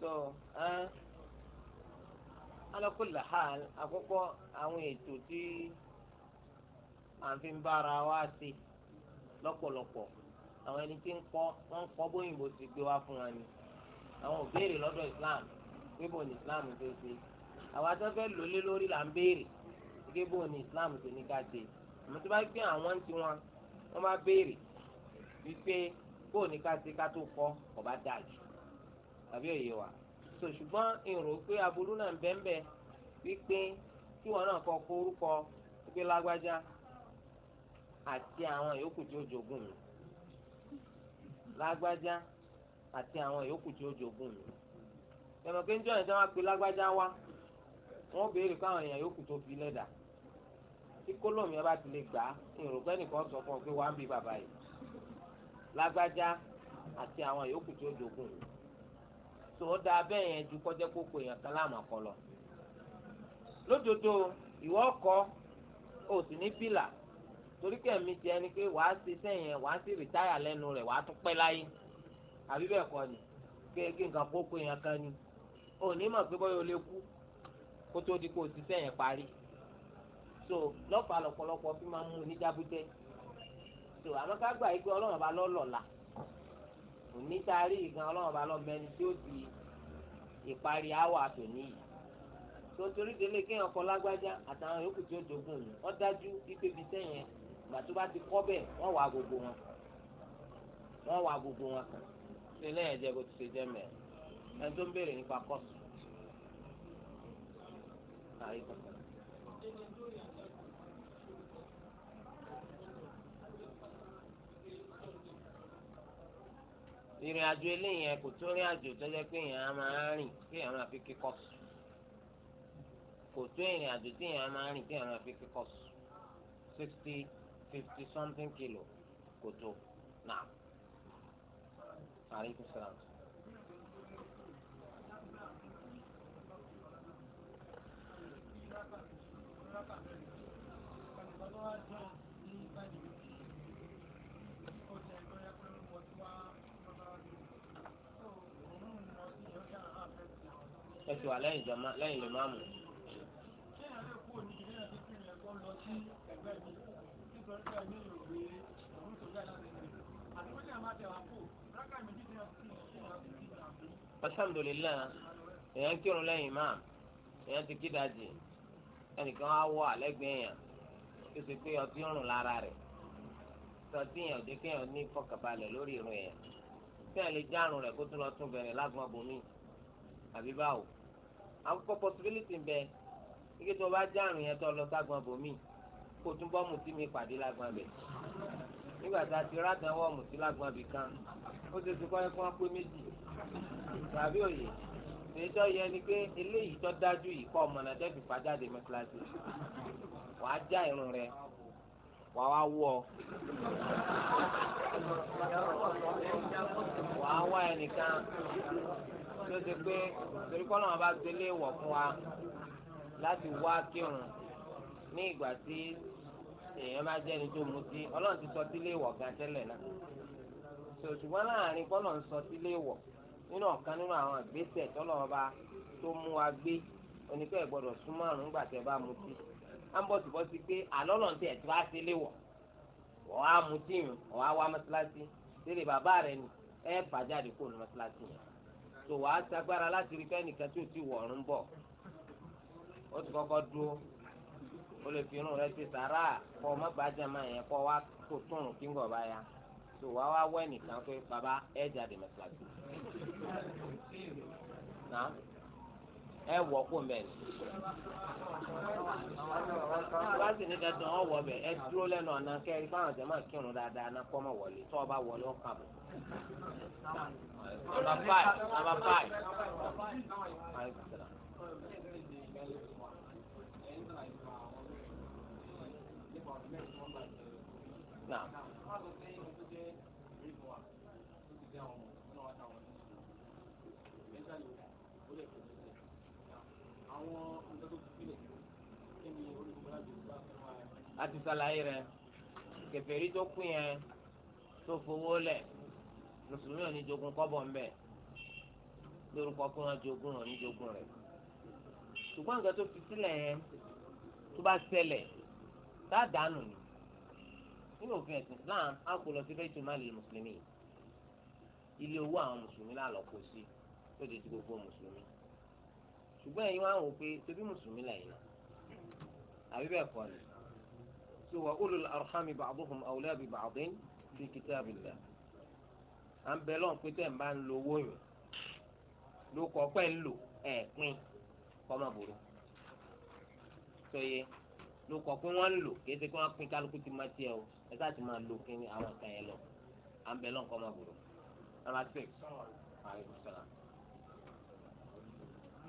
so eh, alákòlá hàn àkọ́kọ́ àwọn ètò tí à ń fi ń bára wa ṣe lọ́pọ̀lọpọ̀ àwọn ẹni tí ń kọ́ wọ́n ń kọ́ bóyìnbó ti gbé wá fún wa ni àwọn ò béèrè lọ́dọ̀ Islam pé bò ní Islam tó ṣe àwọn atẹ́fẹ́ lólé lórí là ń béèrè pé bò ní Islam tó ní ká ṣe àmọ́ tó bá gbé àwọn ń tiwọn wọ́n bá béèrè wípé bóò ní ká ṣe ká tó kọ́ ọba dáa jù àbí òye wa so ṣùgbọ́n èrò pé aburú náà ń bẹ́ńbẹ́ wípé kí wọn náà kọ kó orúkọ wípé lágbájá àti àwọn yòókù tí ó jogún mi lágbájá àti àwọn yòókù tí ó jogún mi ẹ̀mọ̀ pé níjọ́ yẹn tí wọ́n lágbájá wá wọ́n béèrè fún èèyàn yòókù tó fi lẹ́dà tí kólọ́ọ̀mù yẹn bá ti lè gbà á pé nìkan sọ fún ọ pé wàá ń bí bàbá yìí lágbájá àti àwọn yòókù tí ó jogún tó o dáa bẹ́ẹ̀ yẹn ju kọjá kókó èèyàn kan láàmú ọkọlọ lódodo ìwọ ọkọ o sì ní pìlà torí kẹ́mi tiẹ̀ ni pé wàá ṣe sẹ́yìn wàá sì rìtáyà lẹ́nu rẹ̀ wàá tún pẹ́ láyé àbí bẹ́ẹ̀ kọ́ ni kéèké nǹkan kókó èèyàn kan ni o ní mọ̀ pé bọ́yọ̀ lè kú kó di kó o ti sẹ́yìn parí so lọ́pàá lọ́pọ̀lọpọ̀ fi máa ń mú oníjàbútẹ́ so àmọ́ ká gbà pé ọlọ́run ọba lọ́lọ́la òní taari gan ọlọ́run ọba lọ́ mẹni tí ó di ìparí àwọ̀ àtòní yìí tó torí délé kéèyàn kọ lágbájá àtàwọn yòókù tí ó jogún mi wọ́n dájú wípé ibi sẹ́yìn ìgbà tó bá ti kọ́ bẹ́ẹ̀ wọ́n wà gbogbo wọn wọ́n wà gbogbo wọn kàn ṣe lẹ́yìn ẹ̀jẹ̀ kò ti ṣe jẹ́ mẹ́ẹ̀ ẹni tó ń béèrè nípa kọ́ọ̀sì. ìrìn àjò eléyìí kò tó rìn àjò tó jẹ́ pé èèyàn á máa rìn kí èèyàn máa fi kíkọ́ sùn kò tó ìrìn àjò tí èèyàn máa rìn kí èèyàn máa fi kíkọ́ sùn sixty fifty something kilo kò tó náà àríkú sàrán. Thank you. ti wà lẹ́yìn jama lẹ́yìn lè máa mú. alhamdulillah èèyàn kírun lẹ́yìn máa èèyàn ti kí dajì ẹnìkan á wọ àlẹ́gbẹ̀ẹ́ yẹn kí o sì pé ọtí ń rùn lára rẹ̀ tọ́tí yẹn ò jẹ́ kéèyàn ní fọkàbalẹ̀ lórí irun yẹn tí yẹn lè já rẹ̀ kó tún lọ tún bẹ̀rẹ̀ lágbọ̀n bomi àbí báwo àkọ́kọ́ possibility bẹ ike tí wọ́n bá já àrùn yẹn tó lọ ságbọn bòmí kó tún bọ́ mùtí mi pàdé lágbọn bẹ̀ nígbà tá a ti rádàn wọ́ mùtí lágbọn bì kan ó ṣe ti kọ́yẹ́ kí wọ́n pé méjì tàbí òye ìṣèjọ́ yẹ ni pé eléyìí tó dájú yìí kọ́ ọmọ náà tẹ́sí fàjáde mi kíláàsì wàá já irun rẹ wàá wá wọ wàá wá ẹnìkan tó ṣe pé torí kọ́ lọ́wọ́ bá gbélé wọ̀ fún wa láti wá kírun ní ìgbà tí èèyàn bá jẹ́ ẹni tó mutí ọlọ́run ti sọ sílé ìwọ̀ gan tẹ́lẹ̀ náà ṣùgbọ́n láàrin kọ́ lọ́n sọ sílé ìwọ̀ nínú ọ̀kan nínú àwọn ìgbésẹ̀ tọ́lọ́wọ́ bá tó mú wa gbé oníkẹ́ ìgbọ́dọ̀ súnmọ́ àrùn nígbà tẹ́ bá mutí á ń bọ̀sibọ́sí pé àlọ́lọ́n tẹ̀ tí wá sílé ìwọ̀ wọ́n á mutí yùn wọ́n á wá mọ́sálásí sílé bàbá rẹ̀ ni ẹ bàjáde kó nu mọ́sálásí yẹn tó wàá sagbára láti rí fẹ́nìkan tí ò ti wọ̀ ọ̀run bọ̀ ó ti kọ́kọ́ dúró ó lè fi irun rẹ ti sàrà kọ́ ọ mọ́gbàájà máa yẹn kọ́ wá kó tóun kí ń gọ̀ bá ya tó wàá wá wẹ́ nìkan pé baba ẹ̀ jáde mẹ́tàlá ẹ wọ kó mbẹ ni wá sí ní dandan ọ wọ bẹ ẹ dúró lẹ́nu ọ̀nà kẹrin báwọn jẹ máa kírun dáadáa náà kọ́ mọ̀ wọlé tó ọba wọlé ọkà bọ̀. nàmbà fáì nàmbà fáì. Naam àwọn nǹkan tó kílẹ̀ kí ni olùkọ́ láti gbà fún wa. a ti ṣàlàyé rẹ̀ kèfèrí tó kú yẹn tó fowó lẹ̀ mùsùlùmí ò ní jogún kọ́bọ̀ ń bẹ̀ lórúkọ pé wọ́n jogún ò ní jogún rẹ̀ ṣùgbọ́n nǹkan tó fi sílẹ̀ yẹn tó bá ṣẹlẹ̀ tá a dànù ni nínú òfin ẹ̀sìn Islam á kó lọ sí bẹ́ẹ̀tù máàlì mùsùlùmí ilé owó àwọn mùsùlùmí lálọ́ kó sí lóde tí gbogbo mùsùlùmí ṣùgbọ́n ẹ̀yin wá wò pé ṣebí mùsùlùmí lẹ́yìn náà àbí bẹ́ẹ̀ kọ́ ni ṣé wà ulul arhami ba'duhum awla bi ba'din fi kitabillah à ń bẹ lọ́n pé tẹ̀ ń bá ń lo owó yìí ló kọ́ pẹ́ ń lò ẹ̀ pín kọ́ má burú tó yẹ ló kọ́ pé wọ́n ń lò kí ẹsẹ̀ pé wọ́n pín kálukú ti má tiẹ̀ o ẹ sáà ti máa lo kíni àwọn ìtàn yẹn lọ à ń bẹ lọ́n kọ́ má burú. Number six.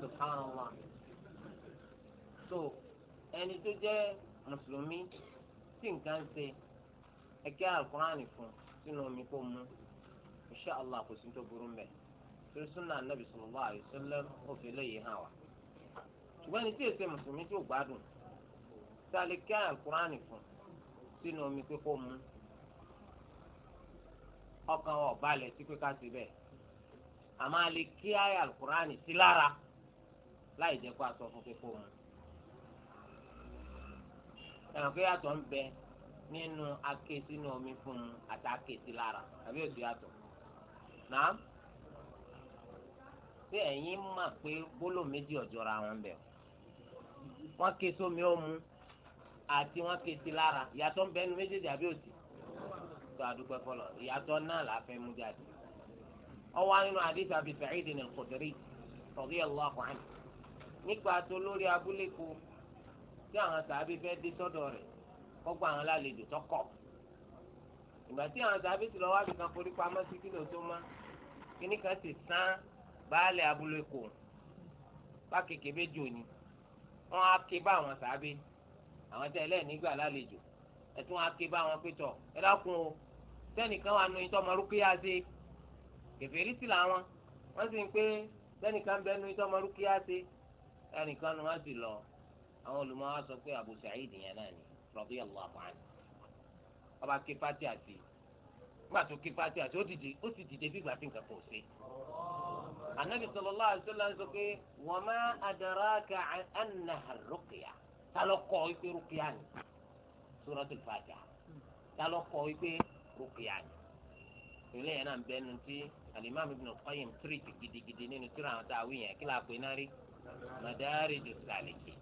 subhanallah so ẹni tó jẹ́ mùsùlùmí tí nǹkan ṣe ẹ̀kẹ́ àlùkùránì fún sínú omi kó mu insha allah kò sí tó burú mbẹ torí nàbì sallallahu alaihi wasallam ó hàn wá ṣùgbọ́n ẹni tí èsè mùsùlùmí tó gbádùn tá a lè fún sínú omi pé kó ọkàn ọ̀ balẹ̀ sí pé ká ṣe bẹ́ẹ̀. àmọ́ a lè kí àyà alukur'ani sí lára láì jẹ́ kó a sọ fún kíkó wọn. ẹ̀rọ pé yàtọ̀ ń bẹ nínú ake sínú omi fún un àti ake sí lára àbí òsì yàtọ̀. náà ṣé ẹ̀yin mọ̀ pé bólò méjì ọ̀jọ́ra wọn bẹ̀ wọ́n ké sómi ó àti wọ́n ké sí lára ìyàtọ̀ ń bẹ nínú méjèèjì àbí òsì. tó a dúpẹ́ ìyàtọ̀ náà la fẹ́ mú jáde ọwọ́ nínú àdìsí Abi Sa'id al-Khudri radiyallahu anhu nípa tó lórí abúlé kù tí àwọn sàábí fẹ́ dé sọ́dọ̀ rẹ̀ kọ́gbà àwọn alálejò tọkọ̀ ìgbà tí àwọn sàábí ti lọ wá bìkan forí pamọ́ sí kílò tó má kíní kan sì sán baálẹ̀ abúlé kù bá kékeré jò ní wọ́n á ké bá àwọn sàábí àwọn tẹ ẹlẹ́ẹ̀ nígbà lálejò ẹ̀tún á ké bá àwọn pétọ̀ ẹ kèfèrí sí làwọn wọ́n sì ń pé bẹ́nìkan bẹ́ẹ̀ nu ìtọ́mọ rúkìá ṣe ẹnìkan nu wọ́n sì lọ àwọn olùmọ̀ wa sọ pé Abu Sa'id yẹn náà ni radiyallahu anhu ọba ké pátí àti nígbà tó ké pátí àti ó dìde ó sì dìde bí ìgbà tí nǹkan kò ṣe. Ànábì sallallahu alaihi wasallam sọ pé wa ma adraka annaha rúkìá talọkọ ìpè rúkìá ni Suratul Fatiha talọkọ ìpè rúkìá ni tòlẹ́ yẹn náà ń bẹ́nu tí alimami ibn Qayyim tiriti gidigidi nínú tíra àwọn tá a wí yẹn kí la pè náà rí Madarijus Salikin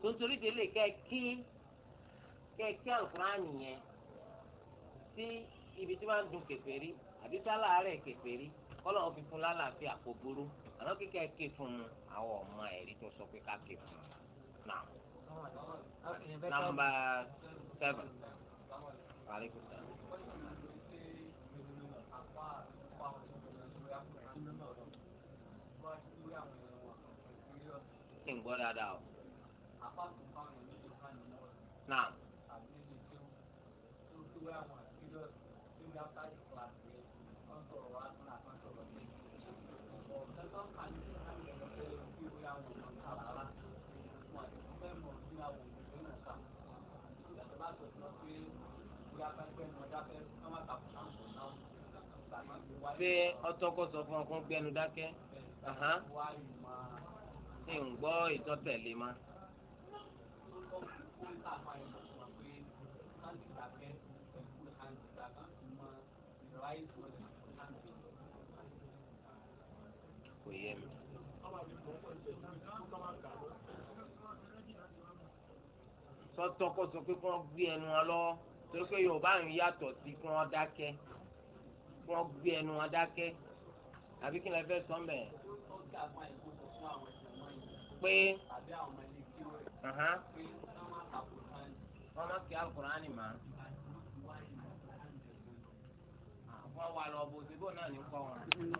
tontori de lè kẹ́ kí kẹ́ kí alukurani yẹn sí ibi tí wọ́n dun kèfèrí àbí sálà rẹ̀ kèfèrí kọ́lọ̀ wọn fi fún lálàáfíà kò burú àná kíkẹ́ ké fún un àwọn ọmọ ẹ̀rí tó sọ pé ká ké fún un náà nàmbà sẹ́fẹ̀n. kí n gbọ́ dáadáa o. náà. ṣé ọtọ kó sọ fún ọ gbẹnu dákẹ́ ní ń gbọ́ ìtọ́tẹ̀lé ma. kò yé mi. sọ́tọ̀ kó sọ pé kí wọ́n gbé ẹnu wọn lọ́wọ́ torí pé yorùbá ń yàtọ̀ sí kí wọ́n dákẹ́ kí wọ́n gbé ẹnu wọn dákẹ́ àbí kí n lè fẹ́ sọ́mbẹ̀. pé wọ́n má kí alukurani mọ́ wọ́n wà lọ bó náà ní kọ́ wọn.